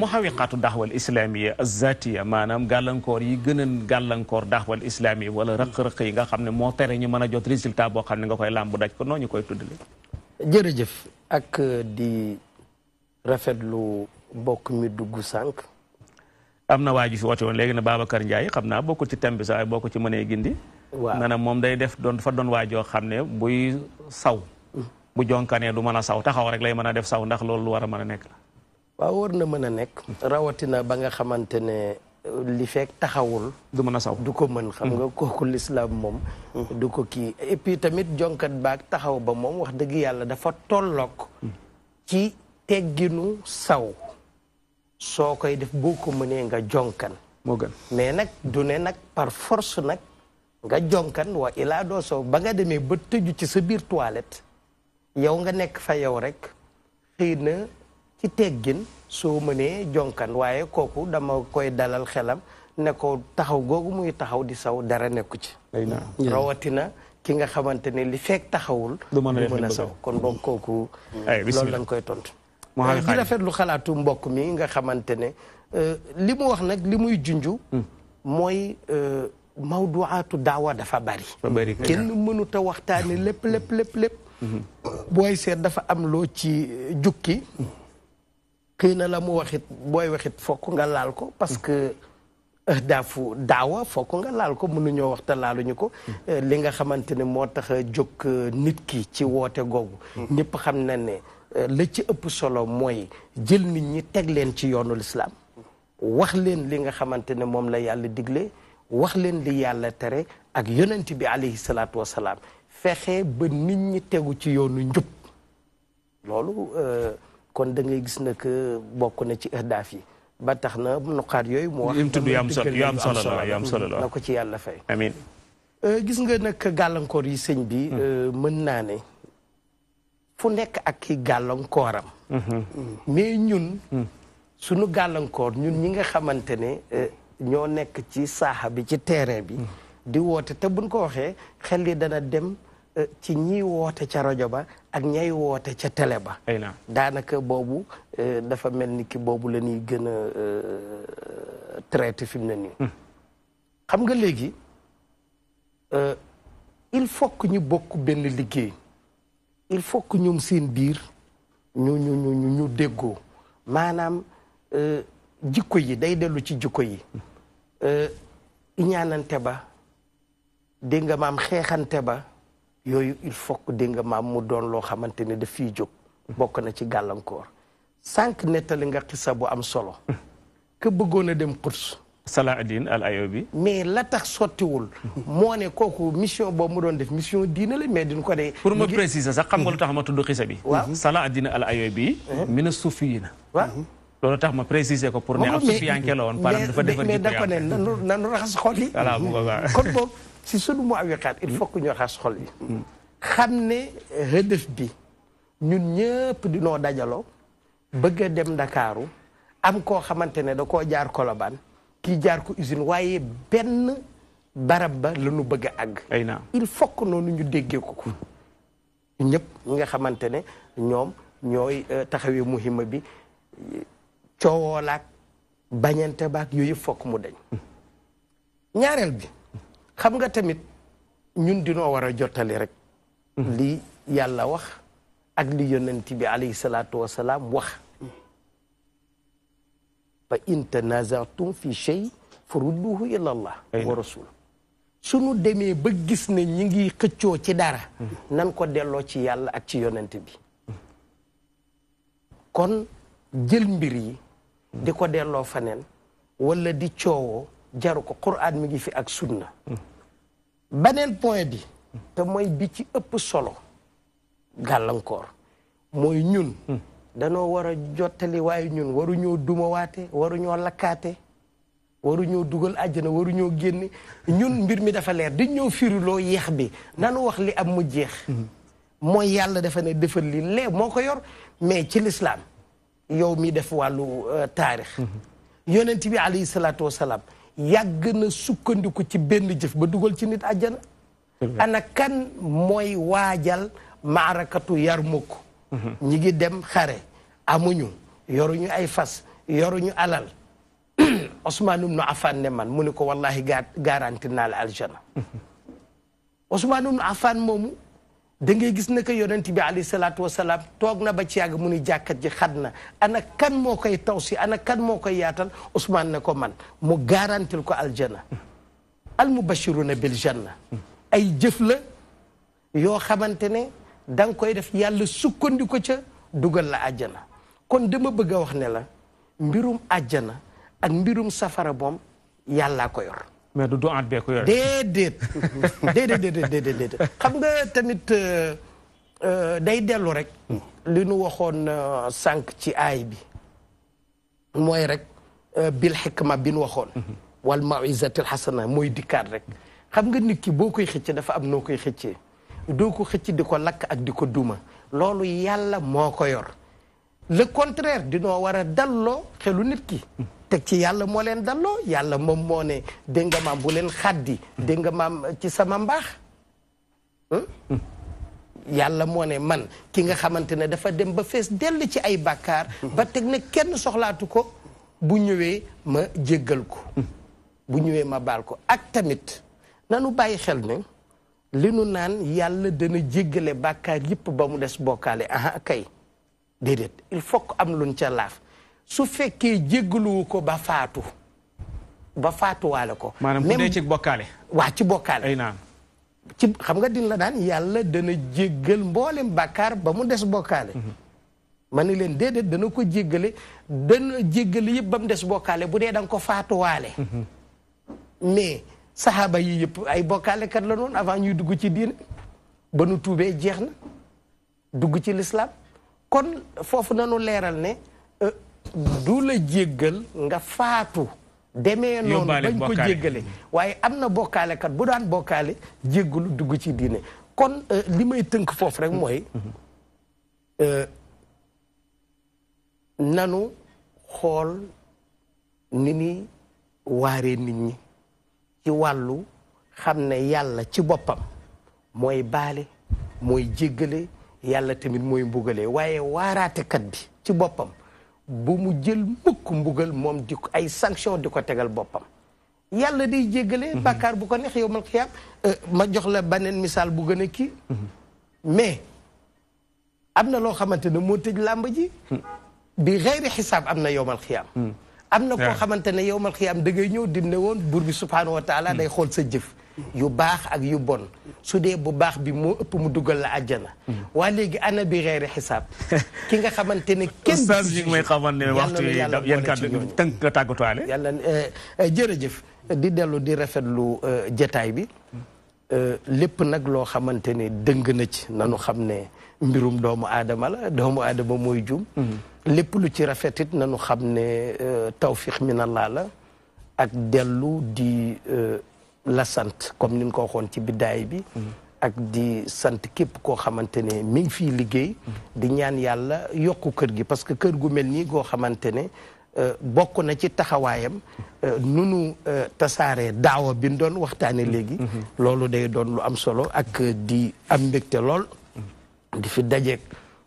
muhawiqaatu daxwal islamiya azatiya maanaam gàllankoor yi gën a gàllankoor daxwal islamiya wala rëq-rëq yi nga xam ne moo tere ñu mën a jot résultat boo xam ne nga koy lamb daj ko nooñu ñu koy tuddale jërëjëf ak di rafetlu mbokk mi dugg sànq am na waa ji fi woote woon léegi na Babacar Ndiaye xam naa bokkul ci thème bi sax waaye boo ko ci mënee gindi waaw nee na moom day def doon dafa doon waa joo xam ne buy saw. Hmm. bu jonkanee du mën a saw taxaw rek lay mën a def saw ndax loolu lu war a mën a nekk la. waaw war na mën a nekk. rawatina ba nga xamante ne euh, li fekk taxawul. du mën a saw du ko mën. xam nga hmm. kooku lislaam moom. Hmm. du ko kii et tamit jonkat baak taxaw ba moom wax dëgg yàlla dafa tollook ci tegginu saw. soo koy def boo ko mënee nga jonkan. moo gën mais nag par force nag. nga jonkan wa ilaa doo soow ba nga demee ba tëju ci sa biir toilette yow nga nekk fa yow rek xëy na ci teggin soo mënee jonkan waaye kooku dama koy dalal xelam ne ko taxaw googu muy taxaw di saw dara nekku ci rawatina ki nga xamante ne li fekk taxawul du mën a saw kon boog kooku loolu lañ koy tontu euh, di rafetlu xalaatu mbokk mi nga xamante ne euh, li mu wax nag li muy junju hmm. mooy euh, mawduwaatu daawa dafa bari kenn mënuta waxtaane lépp lépp lépp lépp booy seet dafa am loo ci jukki xëy na la mu waxit booy waxit fokk nga laal ko parce que daafu daawa fokk nga laal ko mënuñoo waxta laaluñu ko li nga xamante ne moo tax jóg euh, nit ki ci woote googu ñëpp xam na ne euh, la ci ëpp solo mooy jël nit ñi teg leen ci yoonu lislaam wax leen li nga xamante ne moom la yàlla digle wax leen li yàlla tere ak yonent bi alayhi salaatu wasalaam fexe ba nit ñi tegu ci yoonu njub loolu euh, kon da ngay gis na que bokk na ci ëhdaaf yi ba tax na nuqaat yooyu mu wax tudd yu am solo yu am solo la solo la na ko ci yàlla fay amiin euh, gis nga nag gàllankoor yi sëñ bi hmm. euh, mën naa ne fu nekk ak i gàllankooram hmm. mais ñun hmm. sunu gàllankoor ñun ñi nga xamante ñoo nekk ci saaxa bi ci terrain bi di woote te buñ ko waxee xel li dana dem euh, ci ñiy woote ca rajo ba ak ñay woote ca tele ba daanaka boobu euh, dafa mel ni ki boobu la ñuy gën a euh, traité fi mu ne nii hmm. xam nga léegi il faut que ñu bokk benn liggéey il faut que ñoom biir ñu ñu ñu ñu déggoo maanaam jikko yi day dellu ci jikko yi Euh, ñaanante ba dégg nga maam xeexante ba yooyu il faut que dégg nga maam mu doon loo xamante ne daf fii jóg bokk na ci gàllankoor sànq nettali nga xisa bu am solo ke bëggoon a dem salaa Salaadin al Ayobi mais la tax sottiwul moo ne kooku mission boo mu doon def mission diine le mais din ko dee pour ma préciser sax xam nga lu tax ma tudd xisa bi waaw Salaadin al Ayobi mina suufiyiina waaw loolu tax ma préciser ya ko pour ne oh, ab sufiyanke la woon maanaam dafa defar gitu ya. mais dafa ne nanu nanu raxas xol yi voilà bu boobaa kon boog si sunu mu awiqaat kan, il faut que ñu raxas xol yi xam ne hëdëf eh, bi ñun ñëpp dinoo dajaloo bëgg a dem Dakaru am koo xamante ne da koo jaar Colobane kii jaar ko usine waaye benn barab ba la ñu bëgg a àgg il faut que noonu ñu déggee ko ñëpp nga xamante ne ñoom ñooy eh, taxawee muhima bi coowoo laak bañante baak yooyu fokk mu dañ ñaareel bi xam nga tamit ñun dinoo war a jottali rek li yàlla wax ak li yonent bi alayhi salaatu wasalaam wax fa in tanazatum fi shay farudduhu ila allah wa rasul sunu demee ba gis na ñi ngi xëccoo ci dara nan ko delloo ci yàlla ak ci yonent bi kon jël mbir yi di ko delloo faneen wala di coowoo jaru ko quraan mi ngi fi ak sunna beneen point bi te mooy bi ci ëpp solo gàllankoor mooy ñun danoo war a jottali waaye ñun waruñoo dumawaate waruñoo lakkaate waruñoo dugal àjjana waruñoo génne ñun mbir mi dafa leer di ñëw firiloo yeex bi nanu wax li am mu jeex mm-hmm. mooy yàlla dafa ne defal li lee moo ko yor mais ci lislaam yow mi def wàllu euh, taarix yonent bi alayhi salaatu wasalaam yàgg na sukkandiku ci benn jëf ba dugal ci nit àjjana mm-hmm. ana kan mooy waajal maarakatu yarmuk mm-hmm. ñi ngi dem xare amuñu yoruñu ay fas yoruñu alal Ousmane ibnu Affan ne man mu ne ko wallahi garanti naa la aljana mm-hmm. Ousmane ibnu Affan moomu da gis ne que yonent bi alayhi salaatu wasalaam toog na ba ci yàgg mu ni jàkkat ji xat na ana kan moo koy taw si ana kan moo koy yaatal Ousmane na ko man mu garantil ko aljana al mubashiruna bil janna ay jëf la yoo xamante ne da koy def yàlla sukkandi ca dugal la àjjana kon dama bëgg a wax ne la mbirum àjjana ak mbirum safara moom yàllaa ko yor mais du doyen bee ko yore. déedéet déedéet déedéet déedéet xam nga tamit euh, euh, day dellu rek. li nu waxoon euh, sànq ci aay bi mooy rek bil xikma bi nu waxoon. wal mawizatil xasana mooy dikkaat rek. xam nga nit ki boo koy xëccee dafa am noo koy xëccee doo ko xëcc di ko lakk ak di ko duma loolu yàlla moo ko yor le contraire dinoo war a dalloo xelu nit ki. teg ci yàlla moo leen dalloo yàlla moom moo ne dégg nga maam bu leen xàddi dégg nga maam ci sama mbaax yàlla moo ne man ki nga xamante ne dafa dem ba fees dell ci ay bàkkaar ba teg ne kenn soxlaatu ko bu ñëwee ma jéggal ko bu ñëwee ma baal ko ak tamit nanu bàyyi xel ne li nu naan yàlla dana jéggale bàkkaar yépp ba mu des bokkaale aha kay déedéet il faut que am luñ ca laaf su fekkee jéggaluwu ko ba faatu ba faatuwaale ko. maanaam bu dee ci bokkaale. waa ci bokkaale. ay ci xam nga din la daan yàlla dana jéggal mboolem bàkkaar ba mu des bokkaale. Mhm. ma ni leen déedéet dana ko jéggale dana jéggale yëpp ba des bokkaale bu dee da ko faatuwaale. Mhm. mais saxaaba yi yépp ay bokkaale kat la noonu avant ñuy dugg ci diine ba nu tuubee jeex na dugg ci lislaam kon foofu nanu leeral ne. du la jéggal nga faatu demee noonu bañ ko jéggale waaye am na bokkaalekat bu daan bokkaale jéggalu dugg ci diine kon euh, li may tënk foofu rek mooy euh, nanu xool ni ni waare nit ñi ci wàllu xam ne yàlla ci boppam mooy baale mooy jéggale yàlla tamit mooy mbugale waaye waaraatekat bi ci boppam bu mu jël mukk mbugal moom di ko ay sanction di ko tegal boppam yàlla day jéggalee mhm. bàkkaar bu ko neex yow mal euh, ma jox la beneen misaal bu gën a kii mhm. mais am na loo xamante ne moo tëj làmb ji hmm. bi xeyri xisaab am na yow mal xiyaam hmm. am na koo xamante ne yow mal xiyaam da ngay ñëw dim ne woon buur bi subhaanahu wa taala hmm. day xool sa jëf yu baax ak yu bon su dee bu baax bi mu ëpp mu dugal la àjjana mm-hmm. waa léegi ana bi reere xisaab ki nga xamante ne kenn oustaz ñu ngi may xamal ne waxtu yi yan kàddu tënk nga tàggatuwaale yàlla eh, eh, jërëjëf di dellu di rafetlu eh, jataay bi mm-hmm. lépp nag loo xamante ne dëng na ci nanu xam ne mbirum doomu aadama la doomu aadama mooy juum mm-hmm. lépp lu ci rafet na nanu xam ne tawfiq min Allah la ak dellu di la sant comme ni ñu ko waxoon ci biddaay bi mm-hmm. ak di sant képp koo xamante ne mi ngi fii liggéey mm-hmm. di ñaan yàlla yokk kër gi parce que kër gu mel nii goo xamante ne euh, bokk na ci taxawaayam nunu euh, euh, tasaare daawa bi nu doon waxtaane mm-hmm. léegi loolu day doon lu am solo ak di am mbégte lool di fi dajeek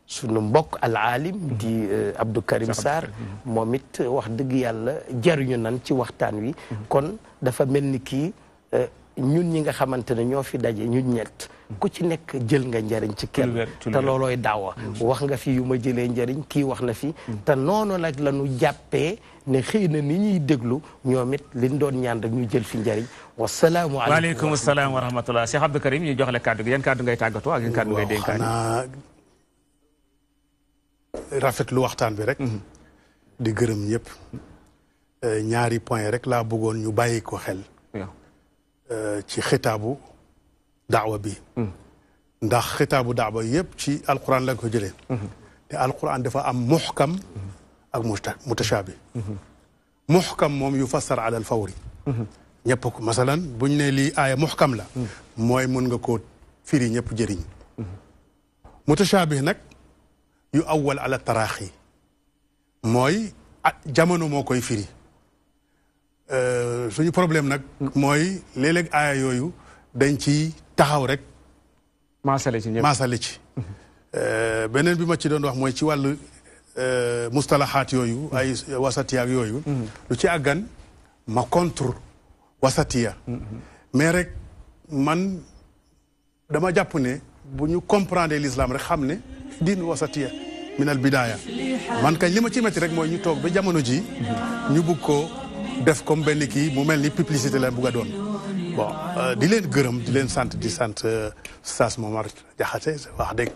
sunu mbokk al aalim di Abdou Karim Sarr moom it wax dëgg yàlla jariñu nan ci waxtaan wi kon dafa mel ni kii Euh, ñun ñi nga xamante ne ñoo fi daje ñu ñett ku ci nekk jël nga njariñ ci kenn te loolooy daawa wax nga fi yu ma jëlee njariñ kii wax na fi te noonu nag la ñu jàppe ne xëy na ni ñuy déglu ñoom it liñ doon ñaan rek ñu jël fi njariñ wasalaamu aleykum waaleykum salaam wa rahmatullah Cheikh Abdou Karim ñu jox la kàddu gi yan kàddu ngay tàggatoo ak yan kàddu ngay rafet lu waxtaan bi rek mm-hmm. di gërëm ñëpp euh, ñaari point rek laa bëggoon ñu bàyyi ko xel ci xitaabu daawa bi ndax xitaabu daawa yëpp ci alquran la ko jëlee te alquran dafa am muxkam ak mutashabi muxkam moom yu fassar ala alfawri ñëpp ko masalan buñ ne lii aaya muxkam la mooy mun nga koo firi ñëpp jëriñ mutashabi nag yu awwal ala taraaxi mooy jamono moo koy firi Euh, suñu problème nag. mooy léeg-léeg aaya yooyu dañ ci taxaw rek. maasale ci ñëpp maasale ci. Euh, beneen bi ma ci doon wax mooy ci wàllu euh, mustalaxaat yooyu. ay wasatiya ak yooyu. Mm-hmm. lu ci àggan ma contre wasatiya. Mm-hmm. mais rek man dama jàpp ne bu ñu comprendre l'islam rek xam ne diin wasatiya minal bidaaya man kañ li ma ci métti rek mooy ñu toog ba jamono ji ñu bugg def comme benn kii mu mel ni publicité la bugg a doon bon euh, di leen gërëm di leen sant di sant Oustaz euh, Momar Jaxate wax dëgg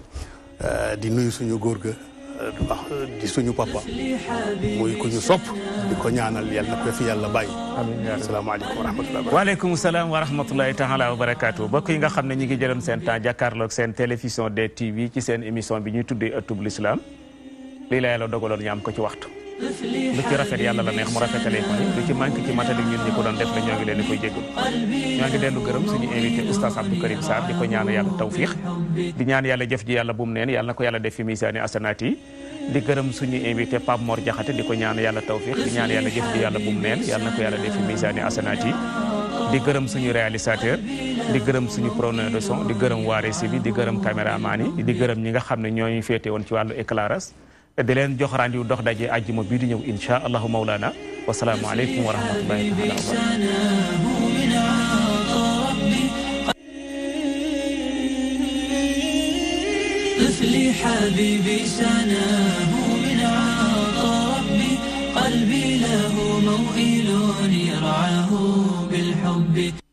euh, di nuyu suñu góor ga wax di suñu papa muy ku ñu sopp di ko ñaanal yàlla na fi yàlla bàyyi asalaamaaleykum wa rahmatulah waaleykum salaam wa rahmatulahi taala wa barakaatu mbokk yi nga xam ne ñi ngi jëloon seen temps jàkkaarloog seen télévision DTV ci seen émission bi ñuy tuddee ëttub l'islam lii la yàlla dogaloon ñu am ko ci waxtu lu ci rafet yàlla la neex mu rafetalee ko ni lu ci manque ci matali ñun ñi ko doon def la ñoo ngi leen koy jéggul ñoo ngi dellu gërëm suñu invité oustaz Abdou Karim di ko ñaan yàlla tawfiix di ñaan yàlla jëf ji yàlla bu mu neen yàlla ko yàlla de fi misaani asanaat yi di gërëm suñu invité Pape Mor Diakhaté di ko ñaan yàlla tawfiix di ñaan yàlla jëf ji yàlla bu mu neen yàlla na ko yàlla def fi misaani asanaat yi di gërëm suñu réalisateur di gërëm suñu preneur de son di gërëm waa si bi di gërëm caméraman yi di gërëm ñi nga xam ne ñooñu féete woon ci wàllu éclairage di leen jox rendez-vous dox daje àjjuma bii di ñëw insha allahu mawlana wasalaamu aleykum wa rahmatullahi taala wa barakatuh طفلي حبيبي سناه من عطا ربي قلبي له موئل يرعاه بالحب